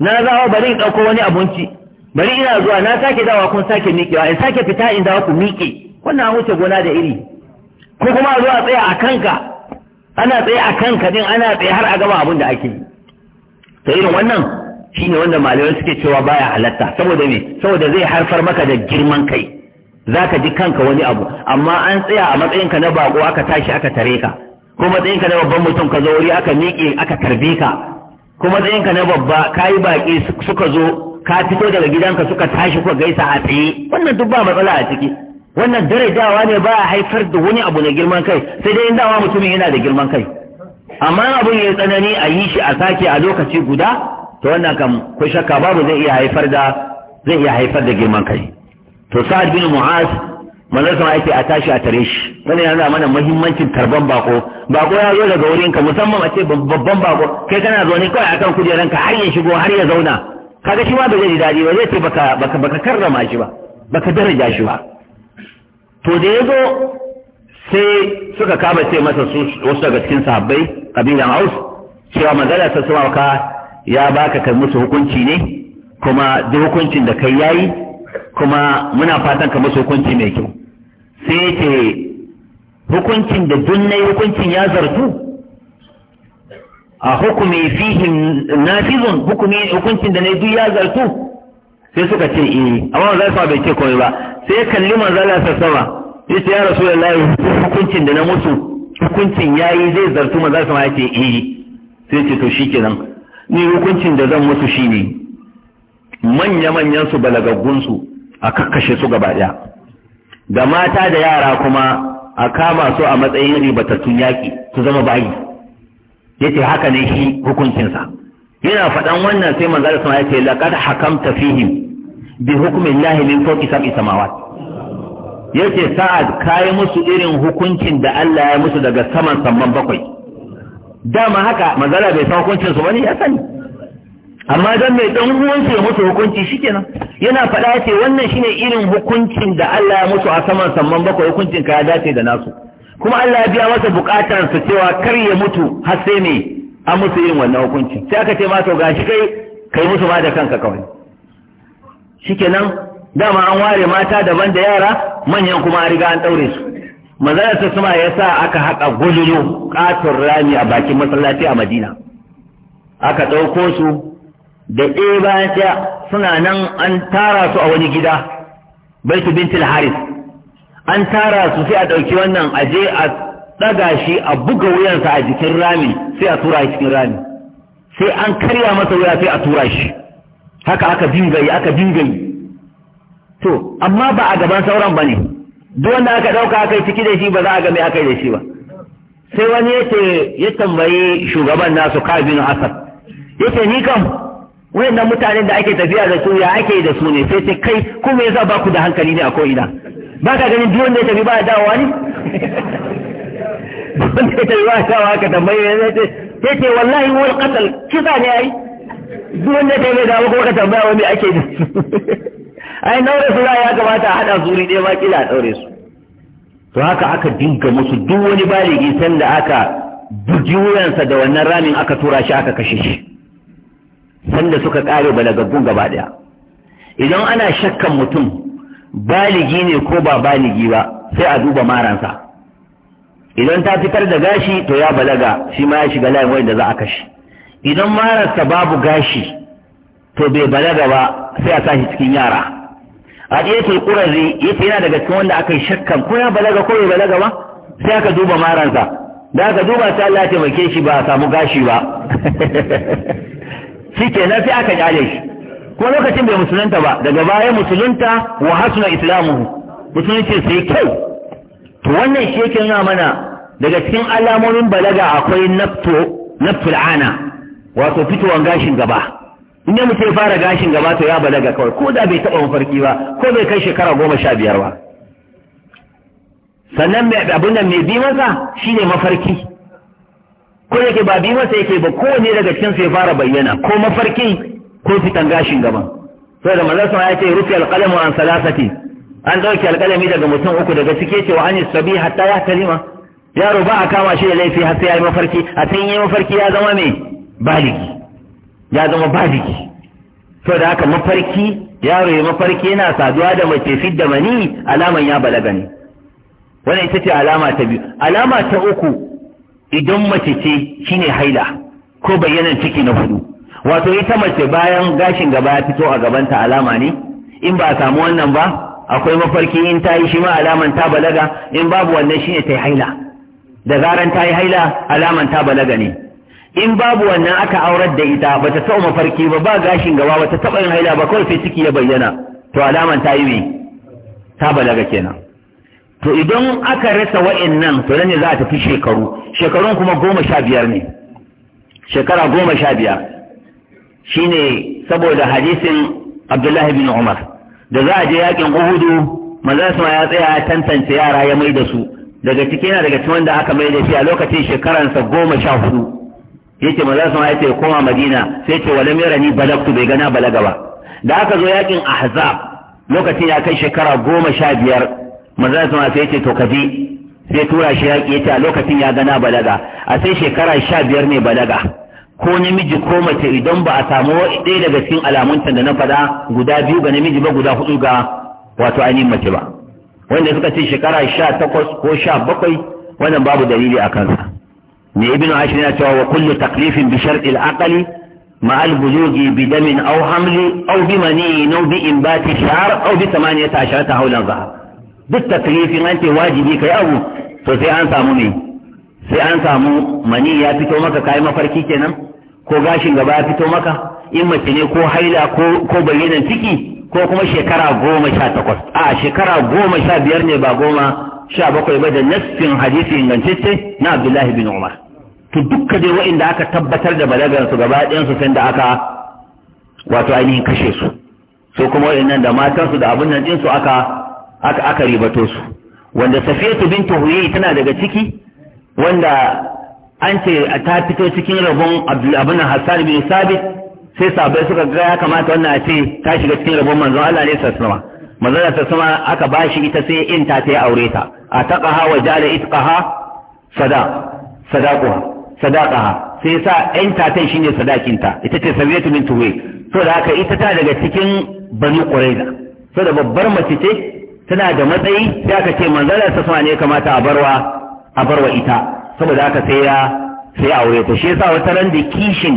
na zawo bari in ɗauko wani abinci bari ina zuwa na sake dawa kun sake miƙewa in sake fita in dawo ku miƙe wannan an wuce gona da iri ko kuma zo a tsaya a kanka ana tsaye a kanka din ana tsaye har a gama abin da ake ta irin wannan shine wanda malamai suke cewa baya halatta saboda me saboda zai haifar maka da girman kai zaka ji kanka wani abu amma an tsaya a matsayinka na bako aka tashi aka tare ka ko matsayinka na babban mutum ka zo wuri aka miƙe aka tarbe ka ko matsayinka na babba kayi baki suka zo ka fito daga gidanka suka tashi kuka gaisa a tsaye wannan duk ba matsala a ciki wannan darajawa ne ba a haifar da wani abu na girman kai sai dai in dawa mutumin yana da girman kai amma abin ya tsanani a yi shi a sake a lokaci guda to wannan kam ko shakka babu zai iya haifar da zai iya haifar da girman kai to sa'ad bin mu'az manzon sama yake a tashi a tare shi wannan yana mana muhimmancin tarban bako bako ya zo daga wurin ka, musamman a ce babban bako kai kana zaune kawai akan kujeranka har ya shigo har ya zauna kaga shi ma ba zai ji daɗi ba zai ce baka baka karrama shi ba baka daraja shi ba to da ya zo sai suka kama ce masa wasu daga cikin sahabbai kabilan aus cewa manzala ta sama ka ya baka kai musu hukunci ne kuma duk hukuncin da kai yayi kuma muna fatan ka musu hukunci mai kyau sai yake hukuncin da dunnai hukuncin ya zartu a hukumi fihin nafizun hukumi hukuncin da na duk ya zartu sai suka ce eh amma manzon sa bai ce komai ba sai ya kalli manzon Allah sama ya ce ya rasulullahi hukuncin da na musu hukuncin yayi zai zartu manzon sama ya ce eh sai ce to shikenan ni hukuncin da zan musu shine manya manyan su balagaggun su a kakkashe su gaba daya da mata da yara kuma a kama su a matsayin ribatattun yaki su zama bayi yace haka ne shi hukuncinsa yana faɗan wannan sai manzo sama ya ce laqad hakamta fihim bi hukumin lahi min fawqi sab'i samawat yace sa'ad kai musu irin hukuncin da Allah ya musu daga saman samman bakwai dama haka manzala bai san hukuncin su bane ya sani amma dan mai dan ruwan ya musu hukunci shikenan yana faɗa yace wannan shine irin hukuncin da Allah ya musu a saman samman bakwai hukuncin ka ya dace da nasu kuma Allah ya biya masa bukatar su cewa kar ya mutu har sai ne an musu irin wannan hukunci sai aka ce ma to gashi kai kai musu ma da kanka kawai shikenan dama an ware mata daban da yara manyan kuma a riga an ɗaure su manzara ta suma ya sa aka haƙa gululu ƙaton rami a bakin masallaci a madina aka ɗauko su da ɗaya bayan ɗaya suna nan an tara su a wani gida baitu bintul haris an tara su sai a ɗauki wannan aje a ɗaga shi a buga wuyansa a jikin rami sai a tura shi cikin rami sai an karya masa wuya sai a tura shi haka aka dinga yi aka dingayi to amma ba a gaban sauran ba ne duk wanda aka ɗauka aka yi ciki da shi ba za a ga mai aka yi da shi ba sai wani ya tambayi shugaban nasu kabinu asad ce ni kam nan mutanen da ake tafiya da su ya ake da su ne sai ce kai kuma yasa ba ku da hankali ne a ko ina ba ka ganin duk wanda ya tafi ba dawowa ne wanda ya tafi ba dawowa ka tambaye ne sai ce wallahi wal qatl kisa ne ai duk wanda kai da kuma ka tambaya wani ake da su ai naure su za ya kamata a haɗa su ɗaya ba kila a ɗaure su to haka aka dinga musu duk wani baligi sanda aka buji wuyansa da wannan ramin aka tura shi aka kashe shi sanda suka kare balagaggun gaba ɗaya idan ana shakkan mutum baligi ne ko ba baligi ba sai a duba maransa idan ta fitar da gashi to ya balaga shi ma ya shiga layin wanda za a kashe idan mararsa babu gashi to bai balaga ba sai a sashi cikin yara a ɗayatul ƙurari yace yana daga cikin wanda aka yi shakkan ko ya balaga ko bai balaga ba sai aka duba maransa da aka duba sai Allah ya taimake shi ba a samu gashi ba nan sai aka kyale shi ko lokacin bai musulunta ba daga baya musulunta wa hasuna islamuhu musulunci sai kyau to wannan shi yake nuna mana daga cikin alamomin balaga akwai nafto naftul ana wato fitowar gashin gaba in ya mutu ya fara gashin gaba to ya balaga kawai ko da bai taɓa mafarki ba ko bai kai shekara goma sha biyar ba sannan abin nan mai bi masa shi ne mafarki ko yake ba bi masa yake ba ko ne daga cikin sai fara bayyana ko mafarkin ko fitan gashin gaba. to da manzon ya ce rufi alqalamu an salasati an dauke alqalami daga mutum uku daga cike cewa an sabi hatta ya kalima yaro ba a kama shi da laifi har sai ya yi mafarki a sai yi mafarki ya zama mai baligi ya zama baligi to da haka mafarki yaro ya mafarki yana saduwa da mace fid da mani alaman ya balaga ne wannan ita ce alama ta biyu alama ta uku idan mace ce shine haila ko bayyanan ciki na hudu wato ita mace bayan gashin gaba ya fito a gabanta alama ne in ba a samu wannan ba akwai mafarki in ta yi shi ma alaman ta balaga in babu wannan shine ta yi haila da zaran ta yi haila alaman ta balaga ne in babu wannan aka aurar da ita ba ta taɓa mafarki ba ba gashin gaba ba ta taɓa yin haila ba kawai sai ciki ya bayyana to alaman ta yi me ta balaga kenan to idan aka rasa wa'annan to ne za a tafi shekaru shekarun kuma goma sha biyar ne shekara goma sha biyar shine saboda hadisin abdullahi bin umar da za a je yakin uhudu manzon sama ya tsaya ya tantance yara ya mai da su daga ciki yana daga cikin wanda aka mai da shi a lokacin shekaransa goma sha hudu yace su sama yace koma madina sai ce walam yarani balagtu bai gana balaga ba da aka zo yakin ahzab lokacin ya kai shekara goma sha biyar maza sama sai yace to je sai tura shi yaƙi yace a lokacin ya gana balaga a sai shekara sha biyar ne balaga ko namiji ko mace idan ba a samu ɗaya daga cikin alamunta da na faɗa guda biyu ga namiji ba guda hudu ga wato ainihin mace ba wanda suka ce shekara sha takwas ko sha bakwai wannan babu dalili a kansa ne ibn ashir yana cewa wa kullu taklifin bi shar'i al-aqli ma al-bulugi bi damin aw hamli aw bi mani aw bi inbati sha'r aw bi 18 hawla dhahab duk taklifin an ce wajibi kai abu to sai an samu ne sai an samu mani ya fito maka kai mafarki kenan ko gashin gaba ya fito maka in mace ne ko haila ko ko bayyanan ciki ko kuma shekara goma sha takwas a shekara goma sha biyar ne ba goma sha bakwai ba da nassin hadisi ingantacce na abdullahi bin umar to dukka dai wa'inda aka tabbatar da balagansu gaba ɗayansu sai da aka wato ainihin kashe su so kuma wa'innan da matansu da abin nan ɗinsu aka aka aka ribato su wanda safiyatu bintu huyayi tana daga ciki wanda an ce ta fito cikin rabon abin hassan bin sabit sai sabai suka ga ya kamata wannan a ce ta shiga cikin rabon manzon Allah ne sassama manzon da sassama aka ba shi ita sai in ta ta aure ta a taqaha wa jala itqaha sada sadaquha sadaqaha sai sa ɗan ta tai shine sadakin ta ita ce sabiyatu min tuwe to da haka ita ta daga cikin bani quraiza to da babbar mace ce tana da matsayi sai aka ce manzalar Allah sama ne kamata a barwa a barwa ita saboda haka sai ya sai aure ta shi yasa wata ran da kishin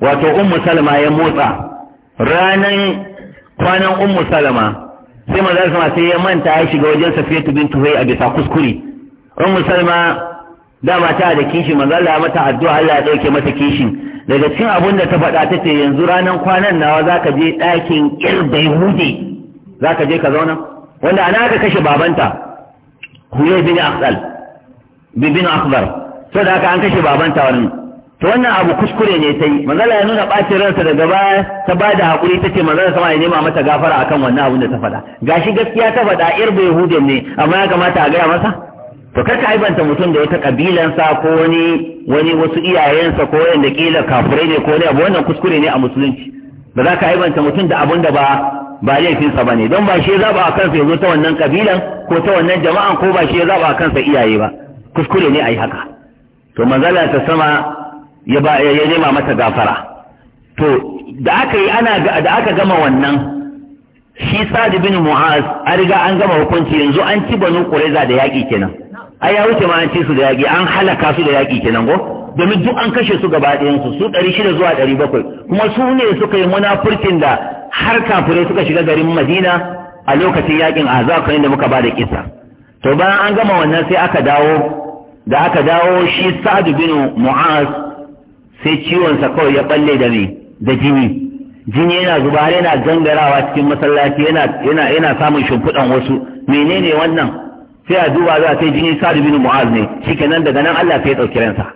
wato ummu salama ya motsa ranan kwanan ummu salama sai manzalar Allah sai ya manta ya shiga wajen safiyatu bintu a bisa kuskure ummu salama dama ta da kishi manzo Allah mata addu'a Allah ya dauke mata kishin daga cikin abun da ta faɗa ta ce yanzu ranan kwanan nawa zaka je ɗakin bai hude zaka je ka zauna wanda ana ka kashe babanta huye bin Afdal, bin akhbar to da an kashe babanta wannan to wannan abu kuskure ne ta yi Allah ya nuna bacin ransa daga baya ta ba da hakuri ta ce manzala sama ya nema mata gafara akan wannan abun da ta faɗa gashi gaskiya ta faɗa irbe hude ne amma ya kamata a gaya masa to ka aibanta mutum da wata kabilansa ko wani wani wasu iyayensa ko wanda kila kafirai ne ko wani abu wannan kuskure ne a musulunci ba za ka aibanta mutum da abun da ba ba laifinsa ba ne don ba shi zaba a kansa ya zo ta wannan kabilan ko ta wannan jama'an ko ba shi ya zaba a kansa iyaye ba kuskure ne a yi haka to manzala ta sama ya nema mata gafara to da aka yi ana da aka gama wannan shi sadi bin mu'az an riga an gama hukunci yanzu an ci banu qurayza da yaki kenan ai ya wuce ma an ci su da yaƙi an halaka su da yaƙi kenan go domin duk an kashe su gaba ɗayan su su ɗari shida zuwa ɗari bakwai kuma su ne suka yi munafurcin da har kafirai suka shiga garin madina a lokacin yaƙin azab kan da muka ba da kisa to bayan an gama wannan sai aka dawo da aka dawo shi sa'adu bin mu'az sai sa kawai ya balle da me da jini jini yana zuba yana gangarawa cikin masallaci yana yana yana samun shimfiɗan wasu menene wannan sai a duba za a sai jini sa bin mu'az ne shikenan daga nan Allah sai ya dauki ransa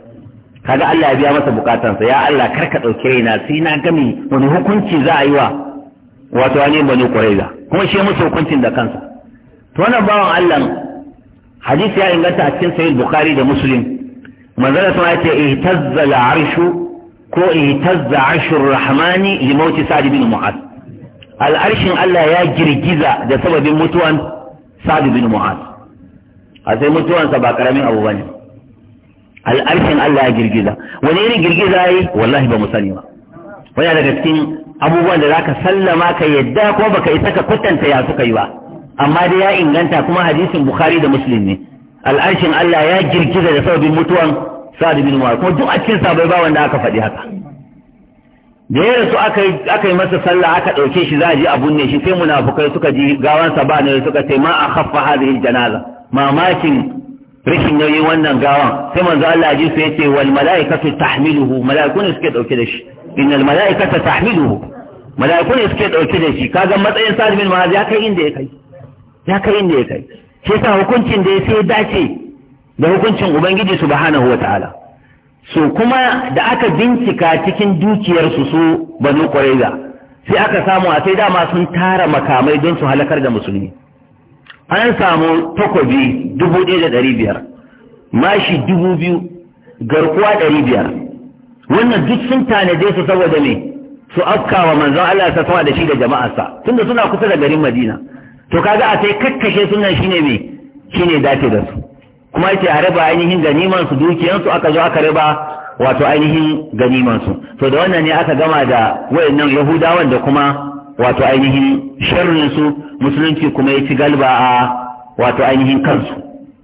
kaga Allah ya biya masa bukatansa ya Allah kar ka dauki raina sai na gami wani hukunci za a yi wa wato ani bani quraiza kuma shi musu hukuncin da kansa to wannan bawan Allah hadisi ya inganta a cikin sahih bukhari da muslim manzala sun ya ce ihtazza al-arshu ko ihtazza arshur rahmani li mauti sa'd bin mu'az al-arshin Allah ya girgiza da sababin mutuwan sa'd bin mu'az a sai mutuwansa ba karamin abu bane al'arshin Allah ya girgiza wani irin girgiza yi wallahi ba mu sani ba wani daga cikin abubuwan da zaka sallama ka yadda ko baka isa ka kwatanta ya suka yi ba amma dai ya inganta kuma hadisin bukhari da muslim ne al'arshin Allah ya girgiza da sababin mutuwan sa'ad bin mu'adh kuma duk a cikin sabai ba wanda aka faɗi haka da ya rasu aka yi masa sallah aka ɗauke shi za a je a bunne shi sai munafukai suka ji gawansa ba ne suka ce ma a haffa hadhihi janaza mamakin rashin nauyin wannan gawan sai manzo Allah ji su yace wal malaikatu tahmiluhu malaiku ne suke dauke da shi innal malaikata tahmiluhu malaiku ne suke dauke da shi kaga matsayin salimin ma ya kai inda ya kai ya kai inda ya kai ke yasa hukuncin da ya sai dace da hukuncin ubangiji subhanahu wataala so kuma da aka bincika cikin dukiyar su banu qurayza sai aka samu a sai dama sun tara makamai don su halakar da musulmi an samu takobi dubu ɗaya da ɗari biyar mashi dubu biyu garkuwa ɗari biyar wannan duk sun tanade su saboda me su wa manzon Allah ta sama da shi da jama'arsa tunda suna kusa da garin Madina to kaga a sai kakkashe sunan shine me shine dace da su kuma yace a raba ainihin ganiman su dukiyan su aka zo aka raba wato ainihin ganiman su to da wannan ne aka gama da wayannan Yahudawan da kuma wato ainihin sharrin musulunci kuma ya ci galba a wato ainihin kansu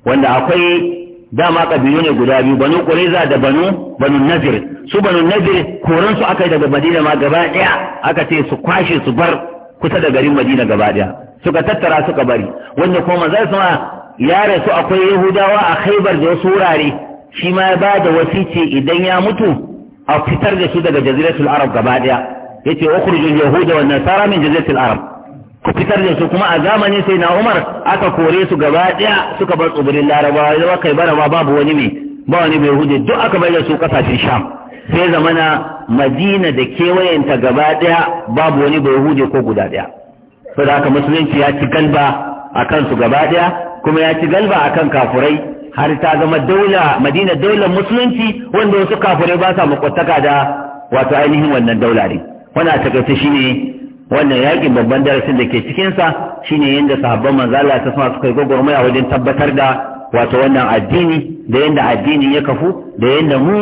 wanda akwai dama kabilu ne guda biyu banu qurayza da banu banu nazir su banu nazir koran su aka daga madina ma gaba daya aka ce su kwashe su bar kusa da garin madina gaba daya suka tattara suka bari wanda kuma manzo sama ya rasu akwai yahudawa a khaibar da wasu wurare shi ma ya ba da idan ya mutu a fitar da su daga jaziratul arab gaba ɗaya? yace ukhrijul yahuda wannan nasara min jazirat arab ku fitar da su kuma a zamanin sai na Umar aka kore su gaba daya suka bar tsibirin Larabawa yawa kai bara babu wani ne ba wani bai hude duk aka bai su kasashen Sham sai zamana Madina da kewayenta gaba daya babu wani bai hude ko guda daya saboda haka musulunci ya ci galba akan su gaba daya kuma ya ci galba akan kafurai har ta zama daula Madina daular musulunci wanda wasu kafurai ba sa makwataka da wato ainihin wannan daula ne wannan takaice shine wannan yakin babban darasin da ke cikinsa shine yadda sahabban manzo Allah ta sama suka yi gwagwarmaya wajen tabbatar da wato wannan addini da yadda addini ya kafu da yadda mu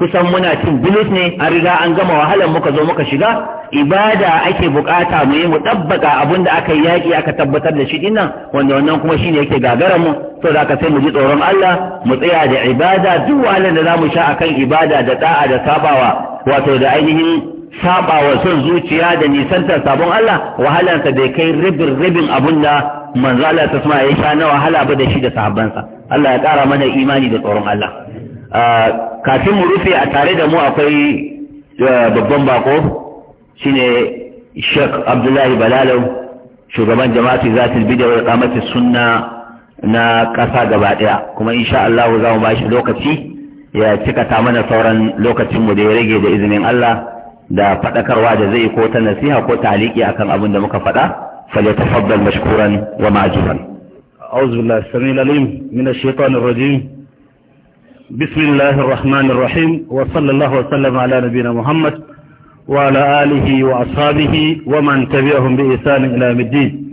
kusan muna cin bilis ne an riga an gama wahalar muka zo muka shiga ibada ake bukata mu yi mu tabbata abin da aka yaki aka tabbatar da shi nan, wanda wannan kuma shine yake gagaran mu to da aka sai mu ji tsoron Allah mu tsaya da ibada duk wahalar da za mu sha akan ibada da da'a da sabawa wato da ainihin saba wa son zuciya da nisantar sabon Allah wahalarsa bai kai ribin ribin abun da manzo Allah ta sama ya sha na wahala ba da shi da sahabbansa Allah ya kara mana imani da tsoron Allah ah, kafin mu rufe a tare da mu akwai ah, babban bako shine Sheikh Abdullahi Balalau shugaban jama'atu zatul bid'a wa iqamati sunna na ƙasa gaba ɗaya kuma insha Allah za mu shi lokaci ya cika ta mana sauran lokacin mu da ya rage da izinin Allah da faɗakarwa da zai ko ta nasiha ko taliki akan abin da muka faɗa falyatafaddal mashkuran wa ma'juran a'udhu billahi samil alim min ash-shaytanir rajim bismillahir rahmanir rahim wa sallallahu wa sallama ala muhammad wa ala alihi wa ashabihi wa man tabi'ahum bi ihsan ila yawmiddin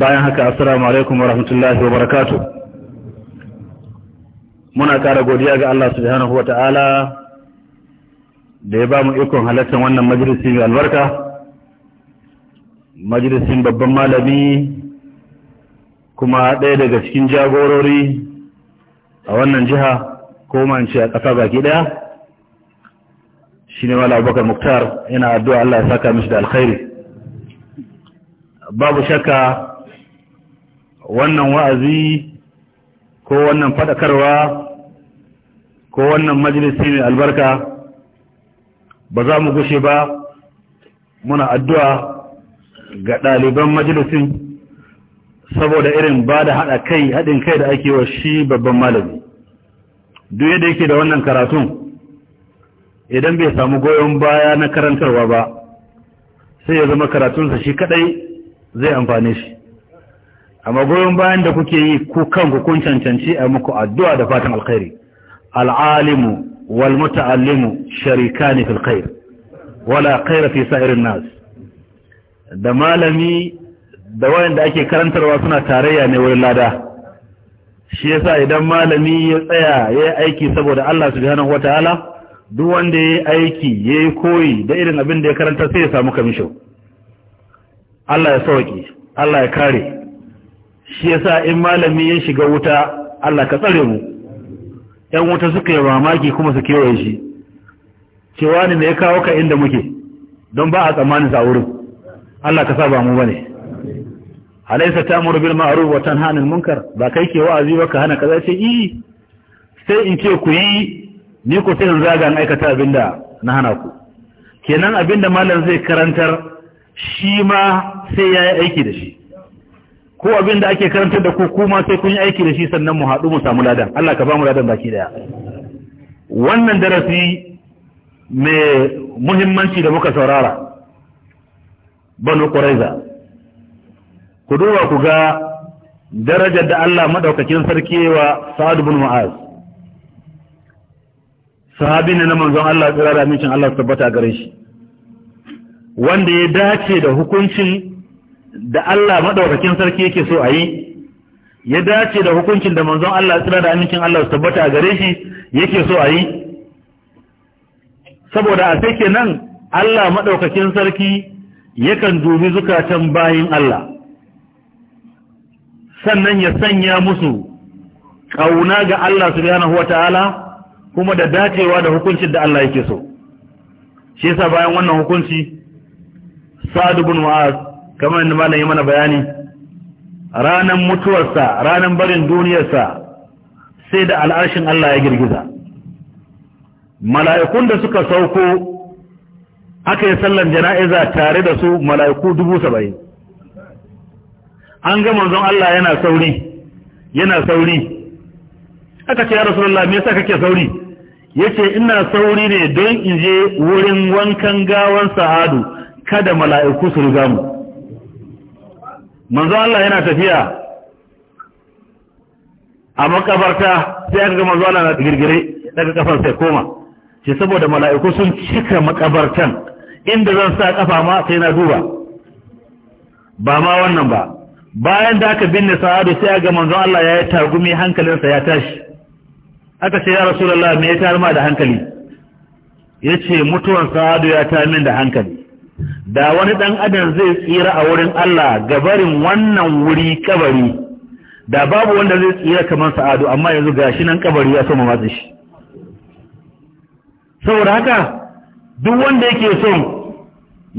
bayan haka assalamu alaikum wa rahmatullahi wa barakatuh muna kara godiya ga Allah subhanahu wa ta'ala da ya ba mu ikon halattar wannan majalisi mai albarka majalisin babban malami kuma ɗaya daga cikin jagorori a wannan jiha ko mance a ƙasa baki ɗaya shine wala abubakar muktar yana addu'a Allah ya saka mishi da alkhairi babu shakka wannan wa'azi ko wannan faɗakarwa ko wannan majalisi mai albarka ba za mu gushe ba muna addu'a ga ɗaliban majalisin saboda irin ba da haɗa kai haɗin kai da ake wa shi babban malami duk yadda yake da wannan karatun idan bai samu goyon baya na karantarwa ba sai ya zama karatunsa shi kaɗai zai amfane shi amma goyon bayan da kuke yi ku kanku kun cancanci a muku addu'a da fatan alkhairi al'alimu والمتعلم شريكان في الخير ولا خير في سائر الناس da malami da wayanda ake karantarwa suna tarayya ne wurin lada shi yasa idan malami ya tsaya ya yi aiki saboda Allah subhanahu wataala duk wanda ya yi aiki ya yi koyi da irin abin da ya karanta sai ya samu kamisho Allah ya sauki Allah ya kare shi yasa in malami ya shiga wuta Allah ka tsare mu yan wuta suka yi mamaki kuma su kewaye shi cewa ne ya kawo ka inda muke don ba a tsammanin sa wurin Allah ka sa ba mu bane halaisa ta amuru bil ma'ruf wa tanha anil munkar ba kai ke wa'azi ba ka hana kaza ce yi sai in ce ku yi ni ku sai in zaga aikata abinda na hana ku kenan abin da malam zai karantar shi ma sai ya yi aiki da shi ko abin da ake karantar da ku kuma sai kun yi aiki da shi sannan mu haɗu mu samu ladan Allah ka ba mu ladan baki daya wannan darasi mai muhimmanci da muka saurara banu quraiza ku duba ku ga darajar da Allah madaukakin sarki wa Sa'ad ibn Mu'az sahabi ne na manzon Allah tsira da amincin Allah tabbata gare shi wanda ya dace da hukuncin da Allah maɗaukakin sarki yake so a yi ya dace da hukuncin da manzon Allah tsira da amincin Allah su tabbata a gare shi yake so a yi saboda a sai kenan Allah maɗaukakin sarki yakan dubi zukatan bayin Allah sannan ya sanya musu ƙauna ga Allah subhanahu wataala kuma da dacewa da hukuncin da Allah yake so shi yasa bayan wannan hukunci Sa'ad ibn Mu'az kamar yadda malam yi mana bayani ranan mutuwarsa ranan barin duniyarsa sai da al'arshin Allah ya girgiza mala'ikun da suka sauko aka yi sallan jana'iza tare da su mala'iku dubu saba'in an ga manzon Allah yana sauri yana sauri aka ce ya rasulullah me yasa kake sauri yace ina sauri ne don in je wurin wankan gawan sa'adu kada mala'iku su riga mu manzo Allah yana tafiya a makabarta sai ga manzo Allah na girgire daga kafar sai koma shi saboda mala'iku sun cika makabartan inda zan sa kafa ma sai na duba ba ma wannan ba bayan da aka binne sa'adu sai ga manzo Allah ya yi tagumi hankalinsa ya tashi aka ce ya rasulullah me ya tarma da hankali yace mutuwan sa'adu ya ta min da hankali da wani ɗan adam zai tsira a wurin Allah gabarin wannan wuri kabari da babu wanda zai tsira kamar sa'adu amma yanzu gashi nan kabari ya soma matsa shi saboda haka duk wanda yake son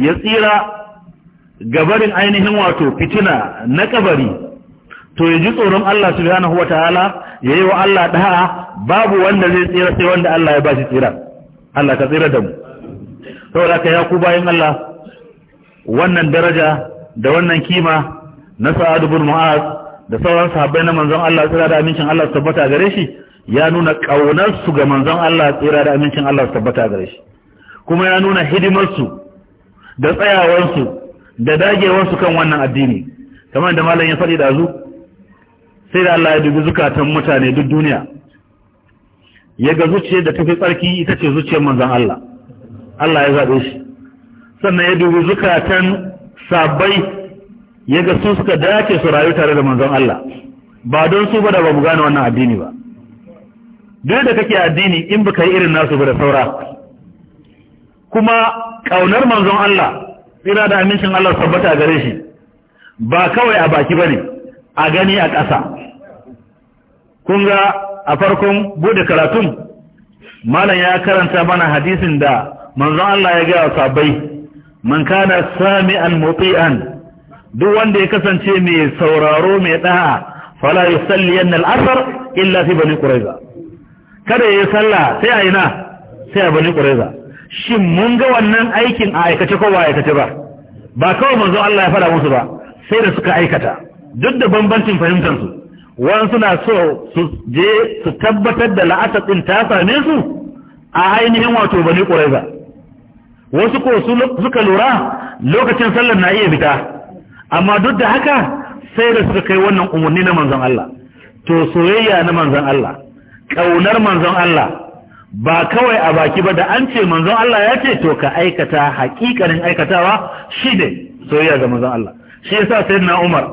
ya tsira gabarin ainihin wato fitina na kabari to ya ji tsoron Allah subhanahu wataala ya yi wa Allah da'a babu wanda zai tsira sai wanda Allah ya ba shi tsira Allah ka tsira da mu saboda haka ya ku bayan Allah wannan daraja da wannan kima na sa'ad bin mu'az da sauran sahabbai na manzon Allah tsira da amincin Allah tabbata gare shi ya nuna kaunar su ga manzon Allah tsira da amincin Allah tabbata gare shi kuma ya nuna hidimarsu su da tsayawar da dagewar kan wannan addini kamar da malam ya faɗi da zu sai da Allah ya dubi zukatan mutane duk duniya ya ga zuciyar da tafi tsarki ita ce zuciyar manzon Allah Allah ya zaɓe shi sannan ya dubi zukatan sabai ya ga su suka dace su rayu tare da manzon Allah ba don su ba da ba mu gane wannan addini ba duk da kake addini in baka yi irin nasu ba da saura kuma kaunar manzon Allah tsira da amincin Allah tabbata gare shi ba kawai a baki bane a gani a ƙasa kun ga a farkon bude karatun malam ya karanta mana hadisin da manzon Allah ya ga sabai man kana sami'an muti'an duk wanda ya kasance mai sauraro mai da'a fala yusalliyan al-asr illa fi bani quraiza kada yayi sallah sai a ina sai a bani quraiza shin mun ga wannan aikin a aikace ko ba aikace ba ba kawai manzo Allah ya fara musu ba sai da suka aikata duk da bambancin fahimtar su wan suna so su je su tabbatar da la'asar ɗin ta same su a ainihin wato bani quraiza wasu ko suka lura lokacin sallar na iya fita amma duk da haka sai da suka kai wannan umarni na manzon Allah to soyayya na manzon Allah kaunar manzon Allah ba kawai a baki ba da an ce manzon Allah ya ce to ka aikata hakikanin aikatawa shi ne soyayya ga manzon Allah shi yasa sayyidina Umar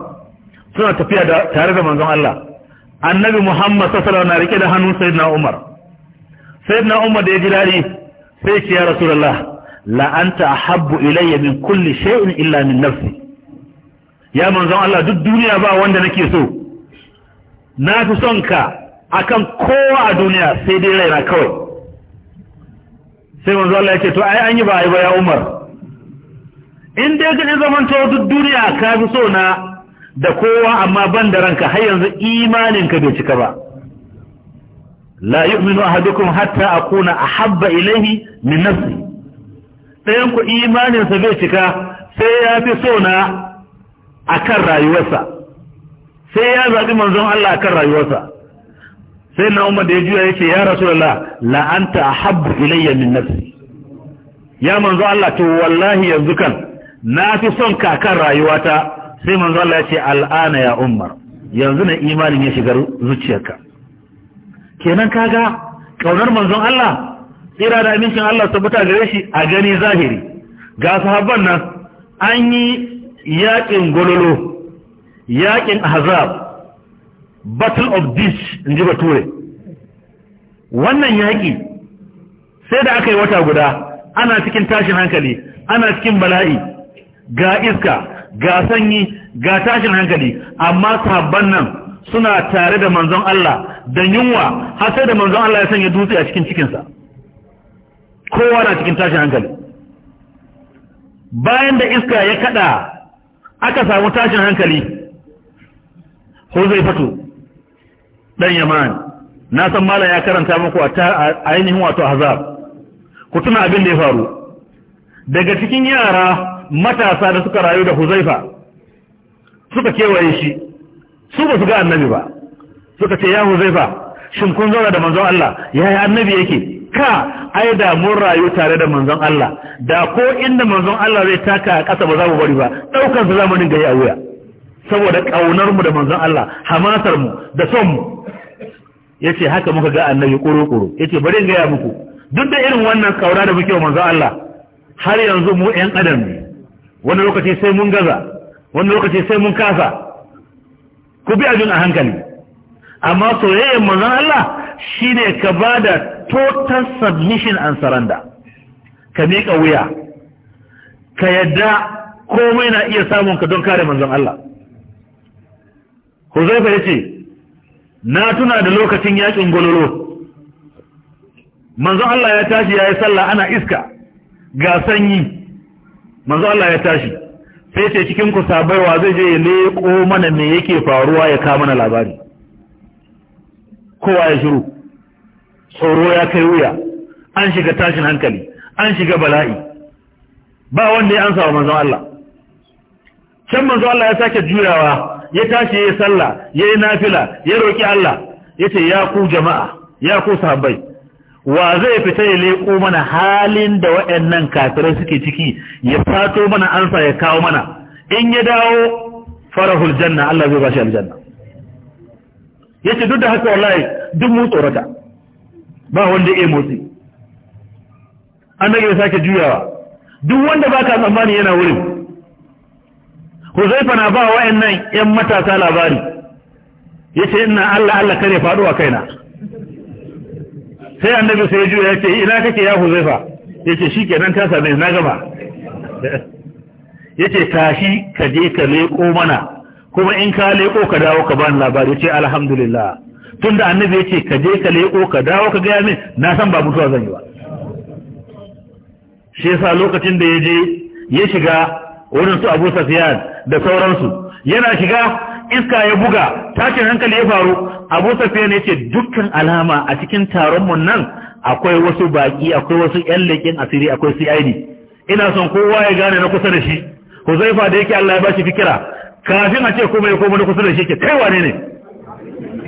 suna tafiya da tare da manzon Allah annabi Muhammad sallallahu alaihi wasallam na rike da hannun sayyidina Umar sayyidina Umar da ya ji dadi sai ce ya rasulullah la anta ahabbu ilayya min kulli shay'in illa min nafsi ya manzon Allah duk duniya ba wanda nake so na fi son ka akan kowa a duniya sai dai raina kawai sai manzon Allah ya ce to ai an yi ba ai ba ya Umar in dai ka ji zaman to duk duniya ka fi so na da kowa amma ban da ranka har yanzu imanin ka bai cika ba la yu'minu ahadukum hatta akuna ahabba ilayhi min nafsi ɗayan ku imaninsa zai cika sai ya fi so na a kan rayuwarsa sai ya zaɓi manzon Allah a kan rayuwarsa sai na umar da ya juya ya ya rasu da la'anta a habu ilayya min nafsi ya manzon Allah to wallahi yanzu kan na fi son ka kan rayuwata sai manzon Allah ya ce al'ana ya umar yanzu na imanin ya shiga zuciyarka kenan kaga kaunar manzon Allah tsira da amincin Allah tabbata gare shi a gani zahiri ga sahabban nan an yi yaƙin gololo yaƙin azab, battle of dish in ji bature wannan yaƙi sai da aka yi wata guda ana cikin tashin hankali ana cikin bala'i ga iska ga sanyi ga tashin hankali amma sahabban nan suna tare da manzon Allah da yunwa har sai da manzon Allah ya sanya dutse a cikin cikinsa kowa na cikin tashin hankali bayan da iska ya kada aka samu tashin hankali huzaifatu dan yaman na san mala ya karanta muku a ainihin wato azab ku tuna abin da ya faru daga cikin yara matasa da suka rayu da huzaifa suka kewaye shi su ba su ga annabi ba suka ce ya huzaifa shin kun zauna da manzon Allah yaya annabi yake ka ai da mun rayu tare da manzon Allah da ko inda manzon Allah zai taka a ƙasa ba za mu bari ba daukan su zamanin gari a wuya saboda ƙaunar mu da manzon Allah hamasar mu da son mu yace haka muka ga annabi kuru-kuru yace bari in gaya muku duk da irin wannan kaura da muke wa manzon Allah har yanzu mu ƴan adam ne wani lokaci sai mun gaza wani lokaci sai mun kasa ku bi abin a hankali amma soyayyar manzon Allah shine ka bada total submission and surrender ka miƙa wuya ka yadda komai na iya samun ka don kare manzon Allah Huzaifa ya ce na tuna da lokacin yakin gololo manzon Allah ya tashi ya yi sallah ana iska ga sanyi manzon Allah ya tashi sai ce cikin ku sabaiwa zai je ya leƙo mana me yake faruwa ya kawo mana labari kowa ya shiru tsoro ya kai wuya an shiga tashin hankali an shiga bala'i ba wanda ya ansa wa manzon Allah can manzon Allah ya sake juyawa ya tashi ya sallah ya yi nafila ya roki Allah ya ce ya ku jama'a ya ku sahabbai wa zai fita ya leƙo mana halin da waɗannan kafirai suke ciki ya fato mana ansa ya kawo mana in ya dawo farahul janna Allah zai ba shi aljanna yace duk da haka wallahi duk mu tsorata ba wanda ya motsi annabi ya sake juyawa duk wanda ba ka tsammani yana wurin huzaifa na ba waɗannan yan matasa labari Ya ce ina Allah Allah kare faduwa kaina sai annabi sai ya juya ce ina kake ya huzaifa ke nan kasa same na gaba yace tashi ka je ka leko mana kuma in ka leƙo ka dawo ka bani labari Ya ce alhamdulillah tunda annabi ya ce ka je ka leko ka dawo ka gaya min na san ba mutuwa zan yi ba shi yasa lokacin da ya je ya shiga wurin su Abu Sufyan da sauransu yana shiga iska ya buga tashin hankali ya faru Abu Sufyan ya ce dukkan alama a cikin taron mun nan akwai wasu baki akwai wasu ƴan leƙin asiri akwai CID ina son kowa ya gane na kusa da shi Huzaifa da yake Allah ya shi fikira kafin a ce komai komai na kusa da shi ke kai wane ne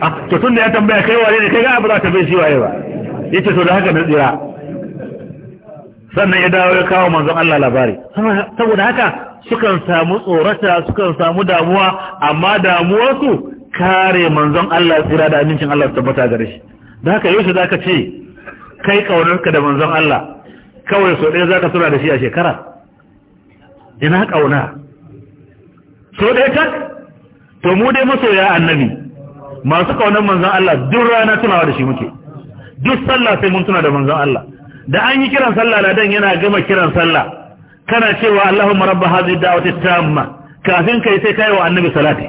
Ah, to tun da ya tambaya kai wane ne kai ga abu za ta bai shi waye ba yace to da haka na tsira sannan ya dawo ya kawo manzon Allah labari saboda haka sukan samu tsorata sukan samu damuwa amma su kare manzon Allah tsira da amincin Allah tabbata gare shi da haka yau shi za ka ce kai ka da manzon Allah kawai so ɗaya za ka da shi a shekara ina ƙauna so ɗaya ta to mu dai masoya annabi masu kaunar manzan Allah duk rana tunawa da shi muke duk sallah sai mun tuna da manzan Allah da an yi kiran sallah dan yana gama kiran sallah kana cewa Allahumma rabba hadhihi da'wati tamma kafin kai sai kai wa annabi salati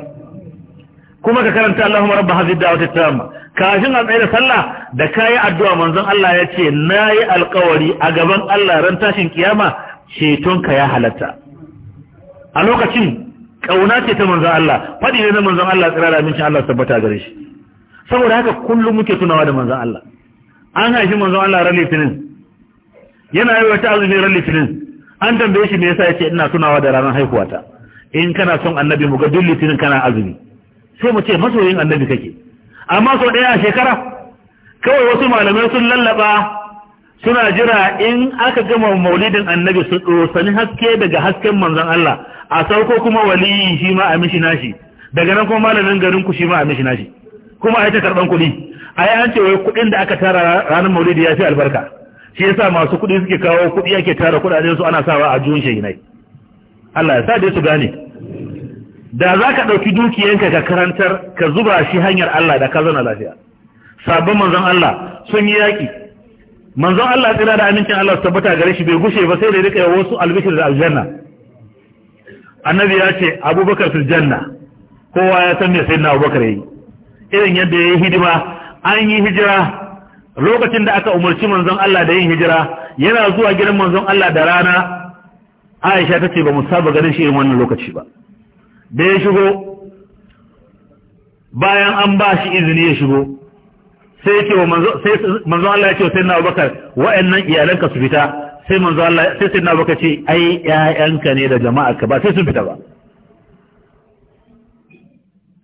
kuma ka karanta Allahumma rabba hadhihi da'wati tamma kafin a tsaye da sallah da kai addu'a manzon Allah ya ce nayi alƙawari a gaban Allah ran tashin kiyama ceton ka ya halatta a lokacin kauna ce ta manzon Allah Faɗi ne na manzon Allah tsirara min Allah tabbata gare shi saboda haka kullum muke tunawa da manzon Allah an haifi manzon Allah ran litinin yana yi wata azumi ran litinin an tambaye shi me yasa yace ina tunawa da ranar haihuwata in kana son annabi mu ga duk litinin kana azumi sai mu ce masoyin annabi kake amma sau ɗaya a shekara kawai wasu malamai sun lallaba suna jira in aka gama maulidin annabi su tsosani haske daga hasken manzon Allah a sauko kuma waliyi shi ma a mishi nashi daga nan kuma malamin garin ku shi ma a mishi nashi kuma ai ta karban kuɗi ai an ce kuɗin da aka tara ranar maulidi ya fi albarka shi yasa masu kuɗi suke kawo kuɗi ake tara kuɗaɗen su ana sawa a juyin nai. Allah ya sa dai su gane da za ka ɗauki dukiyanka ka karantar ka zuba shi hanyar Allah da ka zauna lafiya sabon manzon Allah sun yi yaƙi manzon Allah tsira da amincin Allah su tabbata gare shi bai gushe ba sai da ya rika wasu albishir da aljanna annabi ya ce abubakar fil janna kowa ya san me sai na abubakar yi irin yadda yayi hidima an yi hijira lokacin da aka umarci manzon Allah da yin hijira yana zuwa gidan manzon Allah da rana Aisha ta ce ba mu saba ganin shi irin wannan lokaci ba da ya shigo bayan an ba shi izini ya shigo sai ce wa manzon Allah ya ce wa na abubakar wa'annan iyalanka su fita sai manzo Allah sai sai na baka ce ai ƴaƴanka ne da jama'a ka ba sai sun fita ba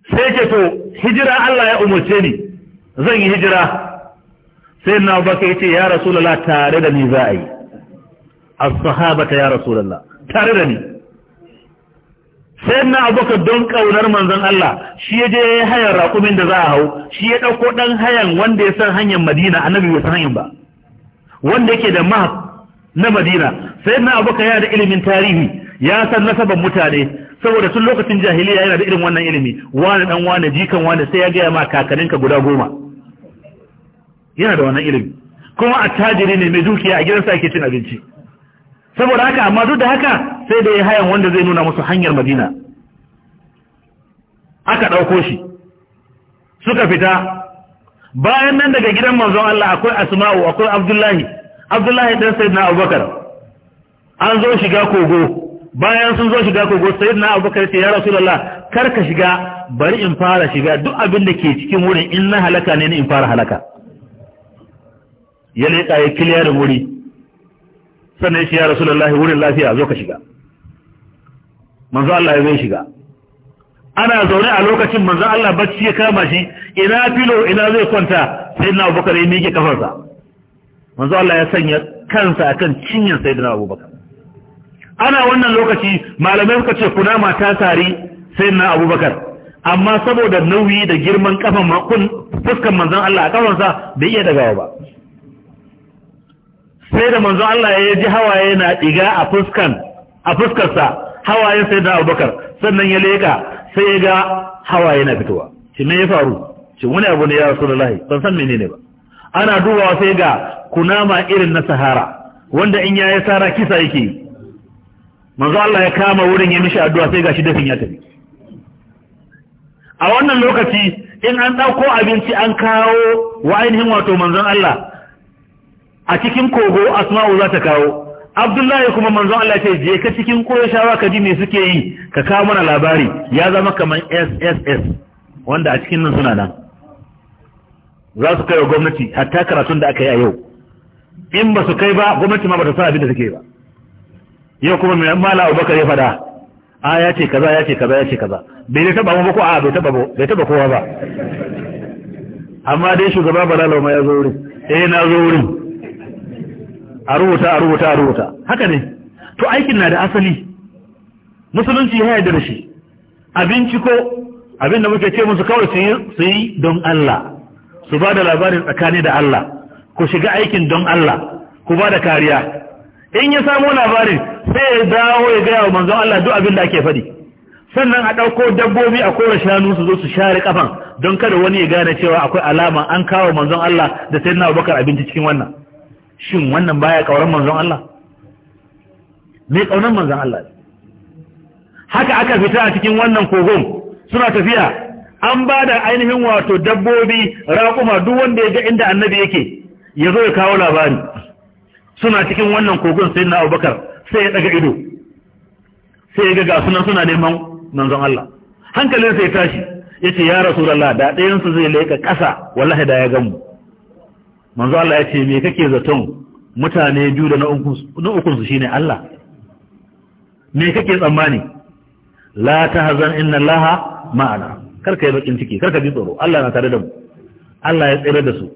sai ce to hijira Allah ya umarce ni zan yi hijira sai na baka ce ya rasulullah tare da ni za a yi as-sahabata ya rasulullah tare da ni sai na baka don kaunar manzon Allah shi ya je ya hayar raƙumin da za a hau shi ya ɗauko ɗan hayan wanda ya san hanyar madina annabi bai san hanyar ba wanda yake da mahaf na madina sai na abokan yana da ilimin tarihi ya san nasaban mutane saboda tun lokacin jahiliya yana da irin wannan ilimi wani dan wani jikan wani sai ya gaya ma ka guda goma yana da wannan ilimi kuma attajiri ne mai dukiya a gidan sa yake cin abinci saboda haka amma duk da haka sai da ya hayan wanda zai nuna musu hanyar madina aka ɗauko shi suka fita bayan nan daga gidan manzon Allah akwai asma'u akwai abdullahi abdullahi dan sayyidina abubakar an zo shiga kogo bayan sun zo shiga kogo sayyidina abubakar ce ya rasulullah kar ka shiga bari in fara shiga duk abin da ke cikin wurin in na halaka ne ni in fara halaka ya leƙa ya kiliya da wuri sannan shi ya rasulullah wurin lafiya zo ka shiga manzo Allah ya zo shiga ana zaune a lokacin manzo Allah bacci ya kama shi ina filo ina zai kwanta sayyidina abubakar ya miƙe kafarsa manzo Allah ya sanya kansa akan cinyar sayyidina abubakar ana wannan lokaci malamai suka ce kuna mata tare sayyidina abubakar amma saboda nauyi da girman kafan fuskan manzon Allah a kafansa bai iya dagawa ba sai da manzon Allah ya ji hawaye na diga a fuskan a fuskarsa hawayen sayyidina abubakar sannan ya leka sai ya ga hawaye na fitowa shi me ya faru shi wani abu ne ya rasulullahi ban san menene ba ana dubawa sai ga kunama irin na sahara wanda in ya yi sara kisa yake manzo Allah ya kama wurin ya mishi addu'a sai ga shi dafin ya tafi a wannan lokaci in an ɗauko abinci an kawo wa ainihin wato manzon Allah a cikin kogo asma'u za ta kawo abdullahi kuma manzon Allah ce je ka cikin koyashawa ka ji me suke yi ka kawo mana labari ya zama kamar sss wanda a cikin nan suna nan za su kai wa gwamnati hatta karatun da aka yi a yau in ba su kai ba gwamnati ma ba ta sa abin da suke ba yau kuma mai mala abubakar ya fada a ya ce kaza ya ce kaza ya ce kaza bai taba ba ko a bai taba bai taba kowa ba amma dai shugaba Bala ma ya zo wurin eh na zo wurin a rubuta a rubuta a rubuta haka ne to aikin na da asali musulunci ya yarda da shi abinci ko abin da muke ce musu kawai su yi don Allah su ba da labarin tsakani da Allah ku shiga aikin don Allah ku ba da kariya in ya samo labarin sai ya dawo ya gaya wa manzon Allah duk abin da ake faɗi sannan a ɗauko dabbobi a kora shanu su zo su share kafan don kada wani ya gane cewa akwai alama an kawo manzon Allah da sai na bakar abinci cikin wannan shin wannan baya kauran manzon Allah me kaunan manzon Allah haka aka fita a cikin wannan kogon suna tafiya an ba da ainihin wato dabbobi raƙuma duk wanda ya ga inda annabi yake ya zo ya kawo labari suna cikin wannan kogon sai na abubakar sai ya daga ido sai ya ga ga nan suna neman manzon Allah hankalin sai tashi ya ce ya rasu da ɗayansu zai laika ƙasa wallahi da ya gamu manzon Allah ya ce me kake zaton mutane biyu da na ukunsu shine Allah me kake tsammani la tahzan inna Allaha ma'ana kar ka yi bakin ciki kar ka ji tsoro Allah na tare da mu Allah ya tsere da su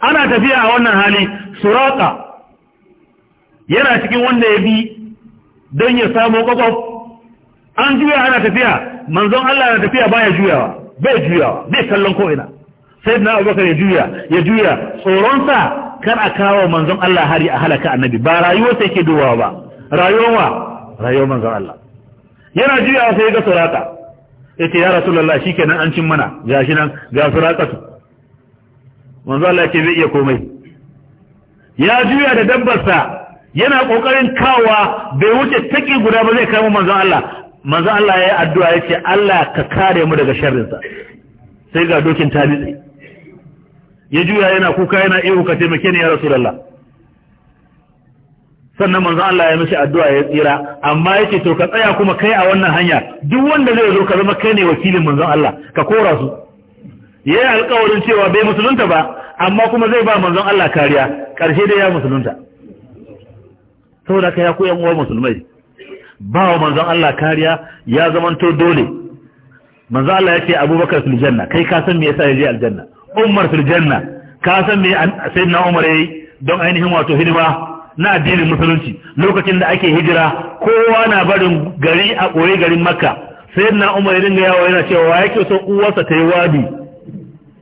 ana tafiya a wannan hali suraka yana cikin wanda ya bi don ya samu kwakwaf an juya ana tafiya manzon Allah na tafiya ba ya juyawa bai juyawa bai kallon ko'ina sai na abubakar ya juya ya juya tsoronsa kar a kawo manzon Allah hari a halaka annabi ba rayuwar sai ke dubawa ba rayuwar rayuwar manzon Allah yana juyawa sai ya ga suraka yace ya rasulullah kenan an cin mana ga shi nan ga firaqatu manzo Allah yake zai iya komai ya juya da dabbarsa yana kokarin kawa bai wuce taki guda ba zai kai mu manzo Allah manzo Allah yayi addu'a yace Allah ka kare mu daga sharrinsa sai ga dokin talibi ya juya yana kuka yana ihu ka taimake ni ya rasu lalla. sannan manzo Allah ya mishi addu'a ya tsira amma yace to ka tsaya kuma kai a wannan hanya duk wanda zai zo ka zama kai ne wakilin manzon Allah ka kora su yayi alƙawarin cewa bai musulunta ba amma kuma zai ba manzon Allah kariya karshe dai ya musulunta saboda ka ya koyan uwa musulmai ba wa manzon Allah kariya ya zamanto dole manzon Allah ya ce Abubakar fil janna kai ka san me yasa ya je aljanna Umar fil janna ka san me sayyidina Umar yayi don ainihin wato hidima na addinin musulunci lokacin da ake hijira kowa na barin gari a koyi garin makka sai na umar ya dinga yawa yana cewa wa yake son uwarsa ta yi wadi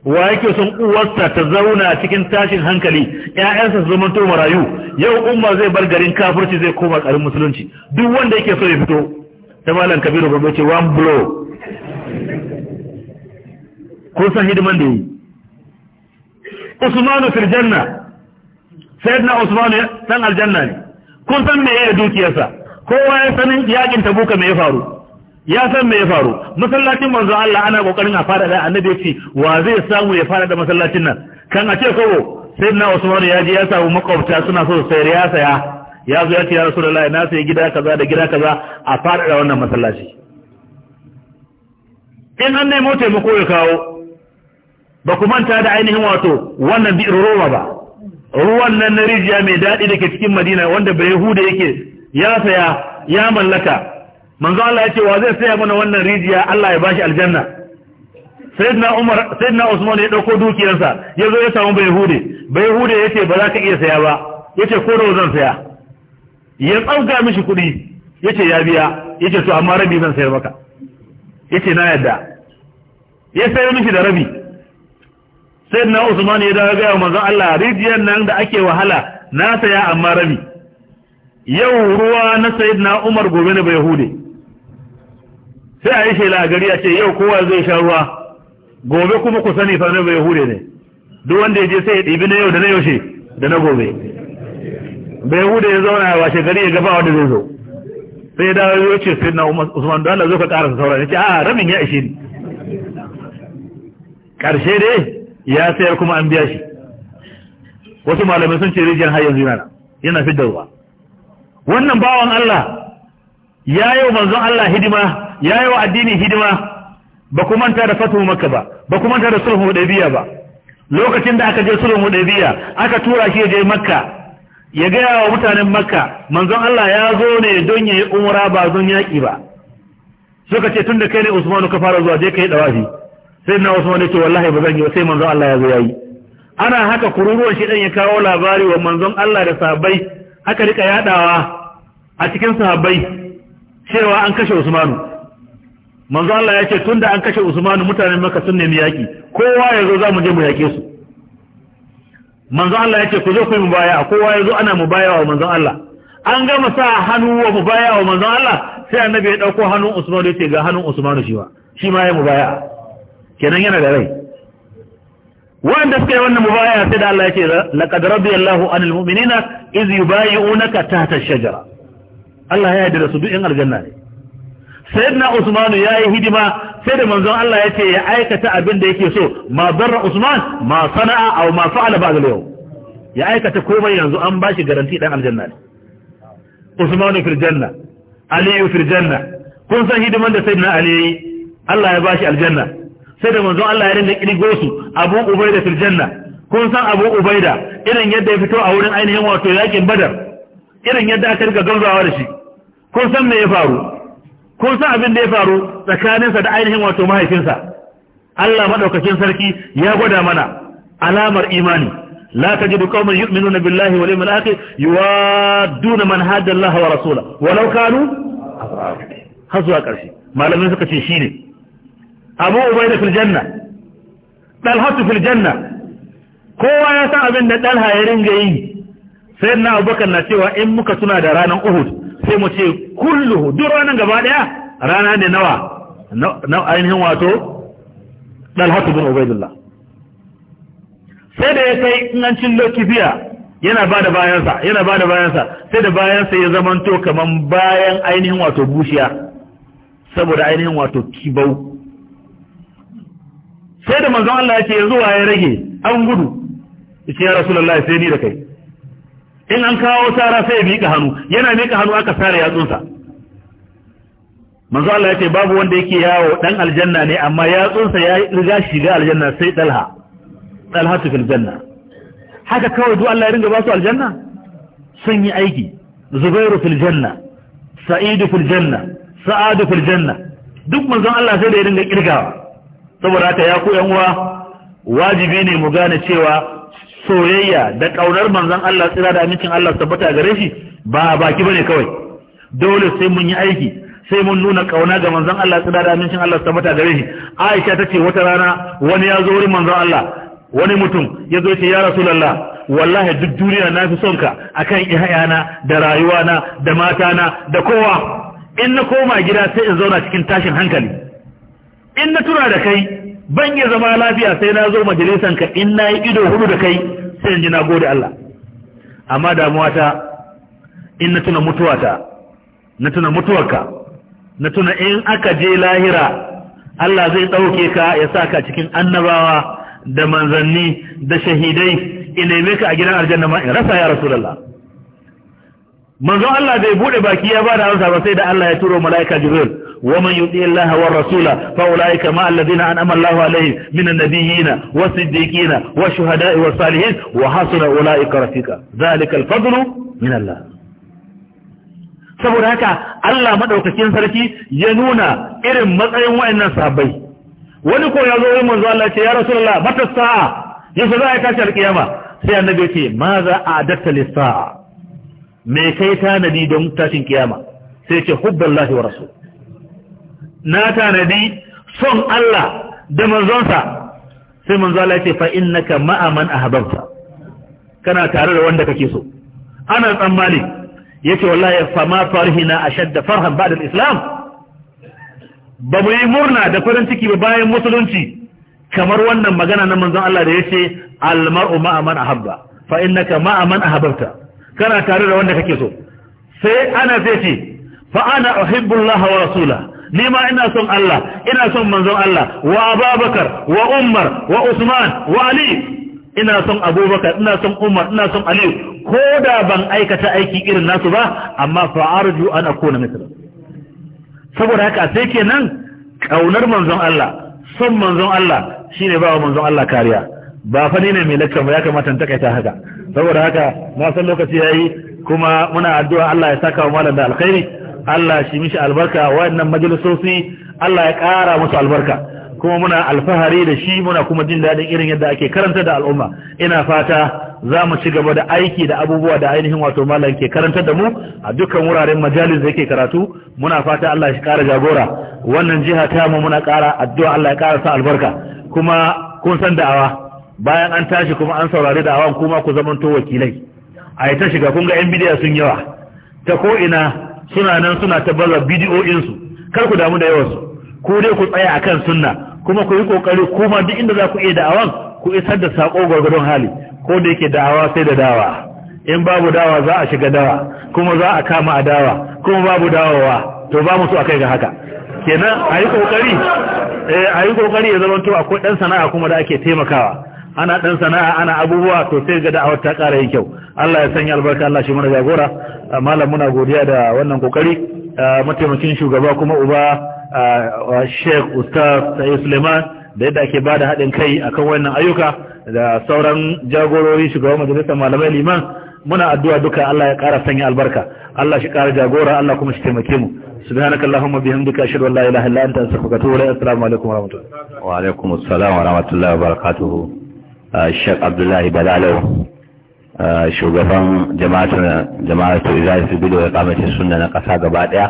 wa yake son uwarsa ta zauna cikin tashin hankali ƴaƴansa su zama to marayu yau Umar zai bar garin kafirci zai koma garin musulunci duk wanda yake so ya fito ta malam kabiru gobe ce one blow kun san hidiman da yi usmanu firjanna sayyidina Usman dan aljanna ne kun san me yayin dukiyarsa kowa ya san yakin tabuka me ya faru ya san me ya faru masallacin manzo Allah ana kokarin a fara da annabi ce wa zai samu ya fara da masallacin nan kan a ce kawo sayyidina Usman ya ji ya samu makwabta suna so sayar ya saya ya zo ya ce ya Rasulullahi na sai gida kaza da gida kaza a fara da wannan masallaci in an nemo taimako ya kawo ba ku manta da ainihin wato wannan bi'ir roba ba ruwan nan na rijiya mai daɗi da ke cikin madina wanda bai yahuda yake ya saya ya mallaka manzo Allah ya ce wa zai saya mana wannan rijiya Allah ya bashi aljanna sayyidina Umar sayyidina Usman ya dauko dukiyarsa ya zo ya samu bai hude, bai yahude ya ce ba za ka iya saya ba ya ce ko zan saya ya tsauka mishi kuɗi ya ya biya ya to amma rabi zan sayar maka ya na yadda ya sayar mishi da rabi sai na usman ya dawo gaya manzo Allah rijiyar nan da ake wahala na saya amma rami yau ruwa na sayyidina umar gobe bai hude. sai a yi shela gari a ce yau kowa zai sha ruwa gobe kuma ku sani fa na hude ne duk wanda ya je sai ya ɗibi na yau da na yaushe da na gobe bayahude ya zauna washe gari ya gaba wanda zai zo sai ya dawo ya ce sayyidina usman da Allah zo ka karasa sauran ya ce a ramin ya ishe ni karshe dai ya sayar kuma an biya shi wasu malamai sun ce rijiyar har yanzu yana yana fi ruwa wannan bawan Allah ya yi wa manzon Allah hidima ya yi wa addini hidima ba ku manta da fatuhu makka ba ba ku manta da sulhu hudaybiya ba lokacin da aka je sulhu hudaybiya aka tura shi je makka ya gaya wa mutanen makka manzon Allah ya zo ne don yayi umra ba don yaki ba suka ce tunda kai ne Usmanu ka fara zuwa je kai dawafi sai na wasu wani ce wallahi ba zan yi sai manzon Allah ya zo yayi ana haka kururuwan shi dan ya kawo labari wa manzon Allah da sahabbai aka rika yadawa a cikin sahabbai cewa an kashe Usmanu manzon Allah ya ce tunda an kashe Usmanu mutanen Makka sun nemi yaki kowa ya zo za mu je mu yake su manzon Allah ya ce ku zo ku yi mubaya kowa ya zo ana mubaya wa manzon Allah an gama sa hannu wa mubaya wa manzon Allah sai annabi ya dauko hannun Usman ya ce ga hannun Usman shi wa shi ma ya mubaya kenan yana da rai wanda suka yi wannan mubaya sai da Allah ya ce laqad radiyallahu anil mu'minina iz yubayi'unaka tahta ash-shajara Allah ya yarda da su duk in aljanna ne sayyidina Usman ya yi hidima sai da manzon Allah ya ce ya aikata abin da yake so ma barra Usman ma sana'a aw ma fa'ala ba'da yau ya aikata komai yanzu an bashi garanti dan aljanna ne Usman fil janna Ali fil janna kun san hidiman da sayyidina Ali Allah ya bashi aljanna sai da manzon Allah ya rinda kirgo su Abu Ubaida fil janna kun san Abu Ubaida irin yadda ya fito a wurin ainihin wato yakin Badar irin yadda aka riga gamzawa da shi kun san me ya faru kun san abin da ya faru tsakaninsa da ainihin wato mahaifinsa Allah madaukakin sarki ya gwada mana alamar imani لا تجد قوما يؤمنون بالله واليوم الآخر يوادون من هاد الله ورسوله ولو كانوا هزوا قرشي ما لم يسكت شيء abu ubaida fil janna dalhatu fil janna kowa ya san abin da dalha ya ringa yi sai na abubakar na cewa in muka tuna da ranar uhud sai mu ce kulluhu duk ranar gaba daya rana ne nawa na ainihin wato dalhatu bin ubaidullah sai da ya kai inancin lokifiya yana ba da bayansa yana ba da bayansa sai da bayansa ya zamanto kaman bayan ainihin wato bushiya saboda ainihin wato kibau sai da manzon Allah yake yanzu waye rage an gudu yace ya rasulullahi sai ni da kai in an kawo sara sai ya miƙa hannu yana miƙa hannu aka sare yatsunsa manzon Allah yace babu wanda yake yawo dan aljanna ne amma yatsunsa ya riga shiga aljanna sai dalha dalha fil janna haka kawai duk Allah ya ringa ba su aljanna sun yi aiki zubairu fil janna sa'idu fil janna sa'adu fil janna duk manzon Allah sai da ya ringa kirgawa saboda haka ya ku uwa wajibi ne mu gane cewa soyayya da ƙaunar manzon Allah tsira da amincin Allah tabbata gare shi ba a baki bane kawai dole sai mun yi aiki sai mun nuna kauna ga manzon Allah tsira da amincin Allah tabbata gare shi Aisha tace wata rana wani ya zo wurin manzon Allah wani mutum ya zo ce ya Rasulullah wallahi duk duniya na fi son ka akan iyayana da rayuwana da matana da kowa in na koma gida sai in zauna cikin tashin hankali in na tura da kai ban yi zama lafiya sai na zo majalisan ka in na yi ido hudu da kai sai in ji na gode Allah amma damuwa ta in na tuna mutuwa ta na tuna mutuwarka na tuna in aka je lahira Allah zai ɗauke ka ya sa ka cikin annabawa da manzanni da shahidai in neme ka a gidan aljanna ma in rasa ya rasulullah manzon Allah bai bude baki ya ba da amsa ba sai da Allah ya turo malaika Jibril wa man yuti Allah wa rasula fa ulaika ma alladhina an'ama Allah alaihim minan nabiyyin wa siddiqin wa shuhada'i wa salihin wa hasuna ulaika rafika zalika al-fadl min Allah saboda haka Allah madaukakin sarki ya nuna irin matsayin wayannan sahabbai wani ko ya zo wurin manzo Allah ya ce ya rasulullah mata sa'a yasa za a tashi alkiyama sai annabi ya ce maza a adatta lis sa'a Mai kai tanadi don tashin kiyama sai ce hubballahi wa rasu. na tanadi son Allah da manzonsa sai manzo Allah ya ce fa innaka ma'a man ahbabta kana tare da wanda kake so ana tsammani yace wallahi farhi na a shadda farhan ba'da al-islam ba mu yi murna da farin ciki ba bayan musulunci kamar wannan magana na manzon Allah da yace ce maru ma'a man habba. fa innaka ma'a man habarta. kana tare da wanda kake so sai ana zai ce fa ana uhibbullaha wa rasula ni ma ina son Allah ina son manzon Allah wa Abubakar wa Umar wa Usman wa Ali ina son Abubakar ina son Umar ina son Ali ko da ban aikata aiki irin nasu ba amma fa arju an akuna mithla saboda haka sai kenan kaunar manzon Allah son manzon Allah shine ba manzon Allah kariya ba fa ne mai lakka ba ya kamata in takaita haka saboda haka na san lokaci yayi kuma muna addu'a Allah ya saka wa malam da alkhairi Allah shi mishi albarka wannan majalisosi Allah ya kara musu albarka kuma muna alfahari da shi muna kuma jin daɗin irin yadda ake karanta da al'umma ina fata za mu ci gaba da aiki da abubuwa da ainihin wato malam ke karanta da mu a dukkan wuraren majalis da yake karatu muna fata Allah shi ƙara jagora wannan jiha ta mu muna kara addu'a Allah ya ƙara sa albarka kuma kun san da'awa bayan an tashi kuma an saurari da awan kuma ku zamanto wakilai a ta shiga kun ga yan bidiya sun yawa ta ko ina suna nan suna ta baza bidiyoyinsu kar ku damu da yawansu ku dai ku tsaya akan sunna kuma ku yi kokari kuma duk inda za ku iya da'awan ku isar da sako gwargwadon hali ko da yake da'awa sai da dawa in babu dawa za a shiga dawa kuma za a kama a dawa kuma babu dawowa to ba a kai ga haka kenan a yi kokari eh a yi kokari ya zama to akwai dan sana'a kuma da ake taimakawa ana dan sana'a ana abubuwa to sai ga da'awar ta ƙara yin kyau Allah ya sanya albarka Allah shi mana jagora malam muna godiya da wannan kokari mataimakin shugaba kuma uba Sheikh Ustaz Sayyid Suleiman da yadda ake bada haɗin kai akan wannan ayyuka da sauran jagorori shugaban majalisar malamai liman muna addu'a duka Allah ya ƙara sanya albarka Allah shi ƙara jagora Allah kuma shi taimake mu سبحانك اللهم وبحمدك اشهد ان لا اله الا انت استغفرك واتوب اليك السلام عليكم ورحمه الله وعليكم السلام ورحمه الله وبركاته shek abdullahi balalau shugaban jama'atu izalisi bido ya kamace suna na ƙasa gaba ɗaya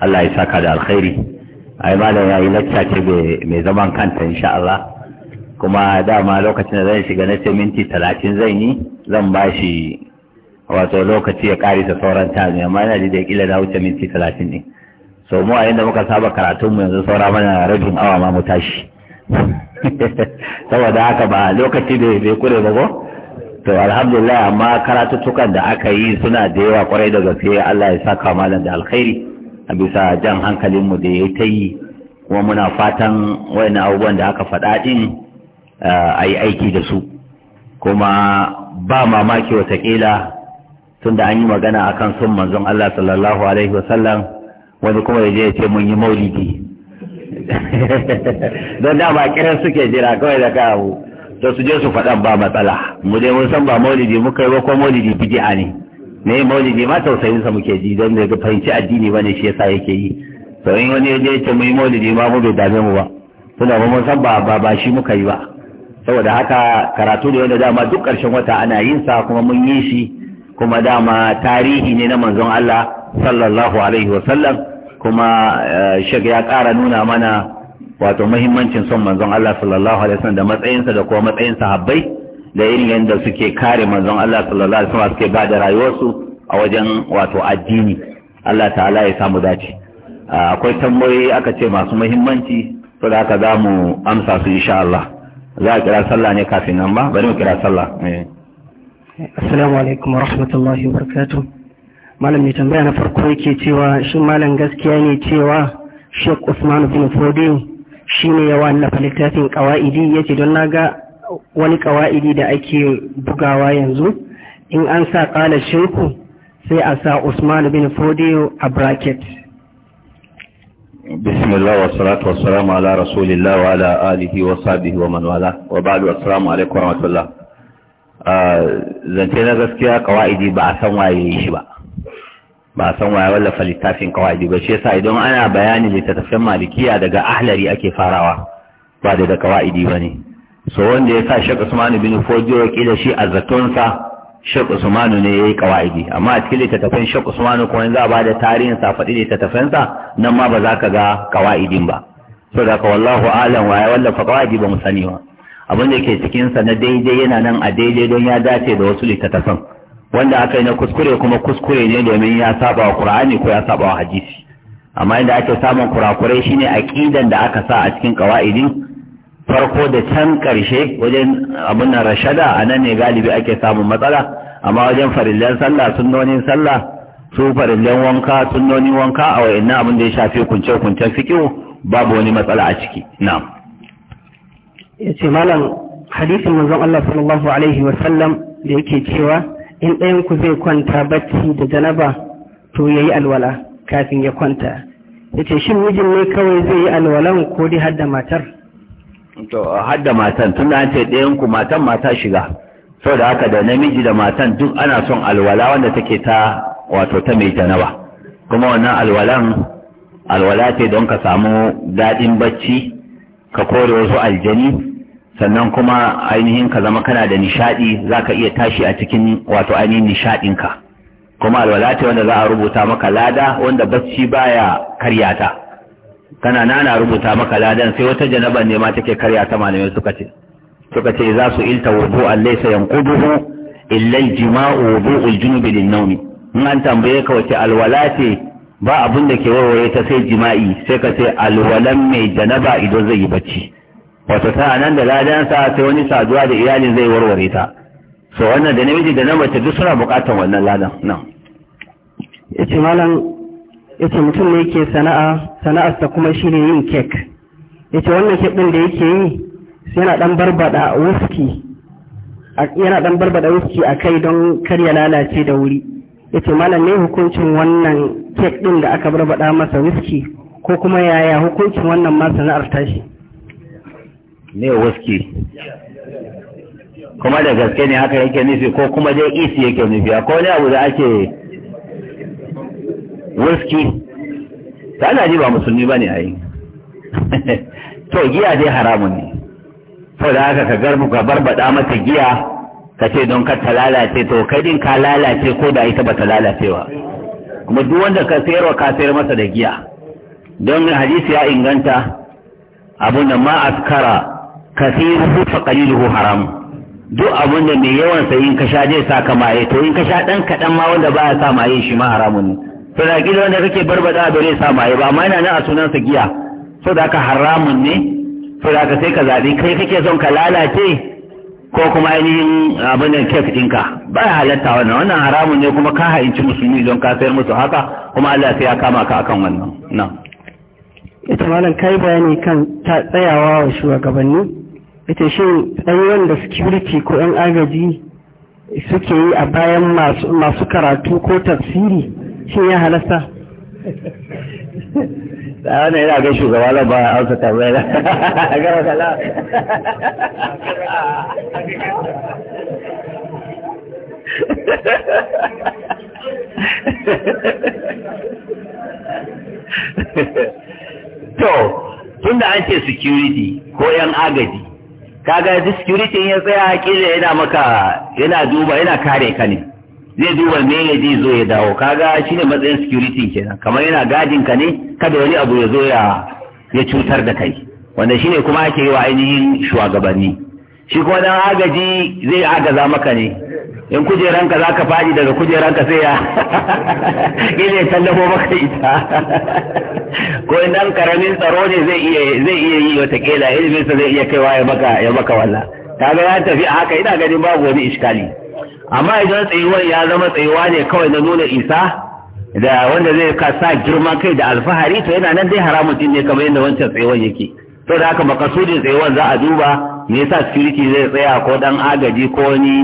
allah ya saka da alkhairi ai malam ya yi lacca ce mai zaman kanta insha Allah kuma dama lokacin da zan shiga na ce minti talatin zan yi zan ba shi wato lokaci ya ta sauran tami amma yana da kila na wuce minti talatin ne so mu a yadda muka saba karatunmu yanzu saura mana rabin awa ma mu tashi saboda haka ba lokaci da bai kure ba ko to alhamdulillah amma karatuttukan da aka yi suna da yawa kwarai da gaske Allah ya saka malam da alkhairi a bisa jan hankalin mu da ya ta yi kuma muna fatan wayannan abubuwan da aka faɗa din a yi aiki da su kuma ba mamaki watakila tun da an yi magana akan sun manzon Allah sallallahu alaihi wasallam wani kuma ya je ya ce mun yi maulidi don dama kiran suke jira kawai da ka abu to su je su faɗan ba matsala mu dai mun san ba maulidi muka yi ba ko maulidi bid'a ne ne maulidi ma tausayin sa muke ji don da fahimci addini ba ne shi yasa yake yi to in wani ya ce mu yi maulidi ma mu bai dame mu ba tunda ba mun san ba ba shi muka yi ba saboda haka karatu ne wanda dama duk ƙarshen wata ana yin sa kuma mun yi shi kuma dama tarihi ne na manzon Allah sallallahu alaihi wasallam kuma eh, shek ya ƙara nuna mana wato muhimmancin son manzon Allah sallallahu alaihi wasallam da matsayinsa da kuma matsayin sahabbai da irin yadda suke kare manzon Allah sallallahu alaihi wasallam suke ba da rayuwarsu a wajen wato addini Allah ta'ala ya samu dace ah, akwai tambayoyi aka ce masu muhimmanci to da aka za mu amsa su insha Allah za a kira sallah ne kafin nan ba bari mu kira sallah eh. assalamu alaikum wa rahmatullahi wa barakatuh malam mai tambaya na farko yake cewa shi malam gaskiya ne cewa Sheikh Usman bin Fodiyo shi ne ya wallafa littafin ƙawa'idi ya ce don ga wani ƙawa'idi da ake bugawa yanzu in an sa ƙala shirku sai a sa Usman bin Fodiyo a bracket. Bismillah wa salatu wa salamu ala Rasulillah wa ala alihi wa sabihi wa man wala wa ba'du assalamu alaikum wa rahmatullah. Ah, zance na gaskiya ƙawa'idi ba a san waye shi ba. ba san waya wallafa littafin kawai ba shi yasa idan ana bayani littattafan malikiya daga ahlari ake farawa ba da ba ne so wanda sa Shek Usmanu bin ya kila shi a zatonsa Shek Usmanu ne ya yi kawaidi amma a cikin littattafan Sheikh Usmanu ko za ba da tarihin sa faɗi littattafan sa nan ma ba za ka ga kawaidin ba so da ka wallahu alam waya wallafa kawaidi ba mu sani ba abin da ke cikinsa na daidai yana nan a daidai don ya dace da wasu littattafan wanda aka yi na kuskure kuma kuskure ne domin ya saba wa qur'ani ko ya saba wa hadisi amma inda ake samun kurakurai shine aqidan da aka sa a cikin qawaidin farko da can karshe wajen abin nan rashada anan ne galibi ake samun matsala amma wajen farillan sallah sunnonin sallah su farillan wanka sunnonin wanka a wayannan abin da ya shafi kunce kunce fiqh babu wani matsala a ciki na'am yace malam hadisin manzon Allah sallallahu alaihi wa sallam da yake cewa in ɗayan ku zai kwanta bacci da janaba to ya yi alwala kafin ya kwanta ya ce shin mijin ne kawai zai yi alwalan ko dai hadda matar to hadda matan tun da an ce ɗayan ku matan mata shiga sau da haka da namiji da matan duk ana son alwala wanda take ta wato ta mai janaba kuma wannan alwalan alwala ce don ka samu daɗin bacci ka kore wasu aljani sannan kuma ainihin ka zama kana da nishaɗi za ka iya tashi a cikin wato ainihin nishadinka kuma alwalati wanda za a rubuta maka lada wanda bacci baya karyata kana nana rubuta maka ladan sai wata janaban ne ma take karyata malamai suka ce suka ce za su ilta wudu allai sa yanquduhu illa aljima'u wudu junubi lin-nawm in an tambaye ka wace alwalati ba abin da ke warware ta sai jima'i sai ka ce alwalan mai janaba idan zai yi bacci wato ta nan da ladan sa sai wani saduwa da iyalin zai warware ta so wannan da namiji da na mace duk suna bukatan wannan ladan nan yace malam yace mutum ne yake sana'a sa kuma shine yin kek yace wannan kek din da yake yi sai yana dan barbada whisky yana dan barbada whisky a kai don kar ya lalace da wuri yace malam ne hukuncin wannan kek din da aka barbada masa whisky ko kuma yaya hukuncin wannan ma sana'ar tashi ne waski kuma da gaske ne haka yake nufi ko kuma dai isi yake nufi akwai wani abu da ake waski ta ana ji ba musulmi ba ne a yi to giya dai haramun ne to da haka ka garbu ka barbada mata giya ka ce don ka ta lalace to kai din ka lalace ko da ita ba ta lalacewa kuma duk wanda ka sayarwa ka sayar masa da giya don hadisi ya inganta abun da ma askara kasiruhu fa qaliluhu haram duk abin da mai yawan sai in ka sha zai sa ka maye to in ka sha dan kadan ma wanda ba ya sa maye shi ma haramun ne to da kila wanda kake barbada ba zai sa maye ba amma yana nan a sunan sa giya so da ka haramun ne so da ka sai ka zabi kai kake son ka lalace ko kuma ainihin abin nan kek ka ba ya halatta wannan wannan haramun ne kuma ka hainci musulmi don ka sayar musu haka kuma Allah sai ya kama ka akan wannan na ita malam kai bayani kan tsayawa wa shugabanni ita shi ɗan wanda security ko ɗan agaji suke yi a bayan masu karatu ko tafsiri shin ya halasta da wani yana ga shugaba na baya an saka mai na gara kala to tunda security ko yan agaji kaga duk security ya tsaya a kila yana maka yana duba yana kare ka ne zai duba me ya ji zo ya dawo kaga shine matsayin security kenan kamar yana gadin ka ne kada wani abu ya zo ya cutar da kai wanda shine kuma ake yi wa ainihin shugabanni shi kuma dan agaji zai agaza maka ne in kujeranka za ka faɗi daga kujeranka sai ya ile tallafo maka ita ko in dan karamin tsaro ne zai iya zai iya yi wata kela ilimin sa zai iya kaiwa ya baka ya maka walla ga ya tafi a haka ina ganin babu wani iskali amma idan tsayuwar ya zama tsayuwa ne kawai na nuna isa da wanda zai ka sa girman kai da alfahari to yana nan dai haramun din ne kamar yadda wancan tsayuwar yake to da haka makasudin tsayuwar za a duba me yasa security zai tsaya ko dan agaji ko wani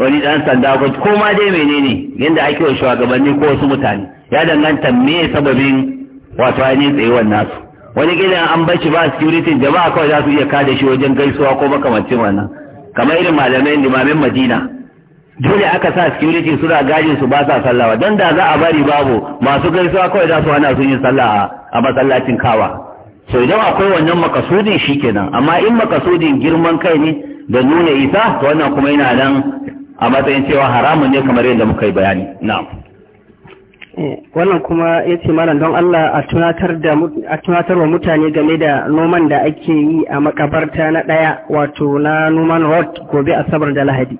wani dan sanda ko koma dai menene yanda ake wa shugabanni ko wasu mutane ya danganta me sababin wato ainihin tsayuwar nasu wani gidan an bashi ba security jama'a kawai za su iya kada shi wajen gaisuwa ko makamancin wannan kamar irin malamai limamin madina dole aka sa security suna gajin su ba sa sallawa don da za a bari babu masu gaisuwa kawai za su hana su yin sallah a masallacin kawa so idan akwai wannan makasudin shikenan amma in makasudin girman kai ne da nuna isa to wannan kuma yana nan a matsayin cewa haramun ne kamar yadda muka yi bayani na'am wannan kuma ya ce malam don Allah a tunatar wa mutane game da noman da ake yi a makabarta na ɗaya wato na noman road gobe asabar da lahadi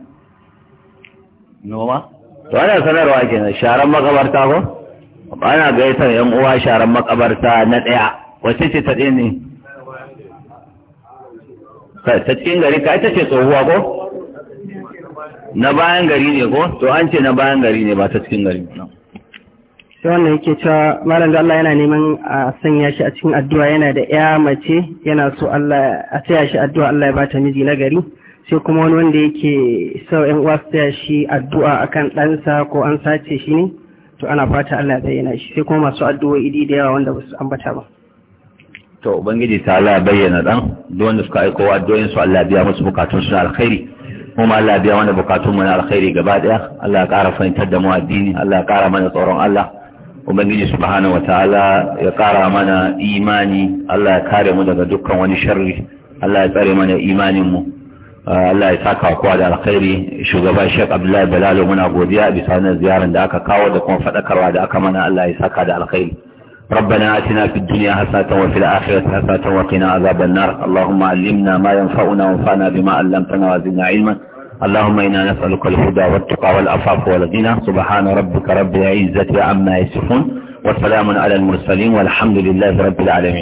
noma? to ana sanarwa ke sharan makabarta ko? ana gaitar yan uwa sharan makabarta na ɗaya wacce ce ta ɗini? ta cikin gari ka ita ce tsohuwa ko? na bayan gari ne ko to an ce na bayan gari ne ba ta cikin gari sai wannan yake cewa malam da Allah yana neman a sanya shi a cikin addu'a yana da ya mace yana so Allah a taya shi addu'a Allah ya bata miji na gari sai kuma wani wanda yake sau yan uwa su taya shi addu'a akan ɗansa ko an sace shi ne to ana fata Allah ya bayyana shi sai kuma masu addu'a idi da yawa wanda ba su ambata ba to ubangiji ta Allah bayyana dan duk wanda suka aika addu'o'in su Allah biya musu bukatun su alkhairi mu ma Allah biya mana bukatun mu na alkhairi gaba daya Allah ya ƙara fahimtar da mu addini Allah ya ƙara mana tsoron Allah ubangiji subhanahu wataala ya ƙara mana imani Allah ya kare mu daga dukkan wani sharri Allah ya tsare mana imanin mu ah, Allah ya saka kowa da alkhairi shugaban Sheikh Abdullahi Balalo muna godiya bisa wannan ziyarar da aka kawo da kuma faɗakarwa da aka mana Allah ya saka da alkhairi ربنا آتنا في الدنيا حسنة وفي الآخرة حسنة وقنا عذاب النار اللهم علمنا ما ينفعنا وانفعنا بما علمتنا وزدنا علما اللهم إنا نسألك الهدى والتقى والعفاف والغنى سبحان ربك رب العزة عما يصفون وسلام على المرسلين والحمد لله رب العالمين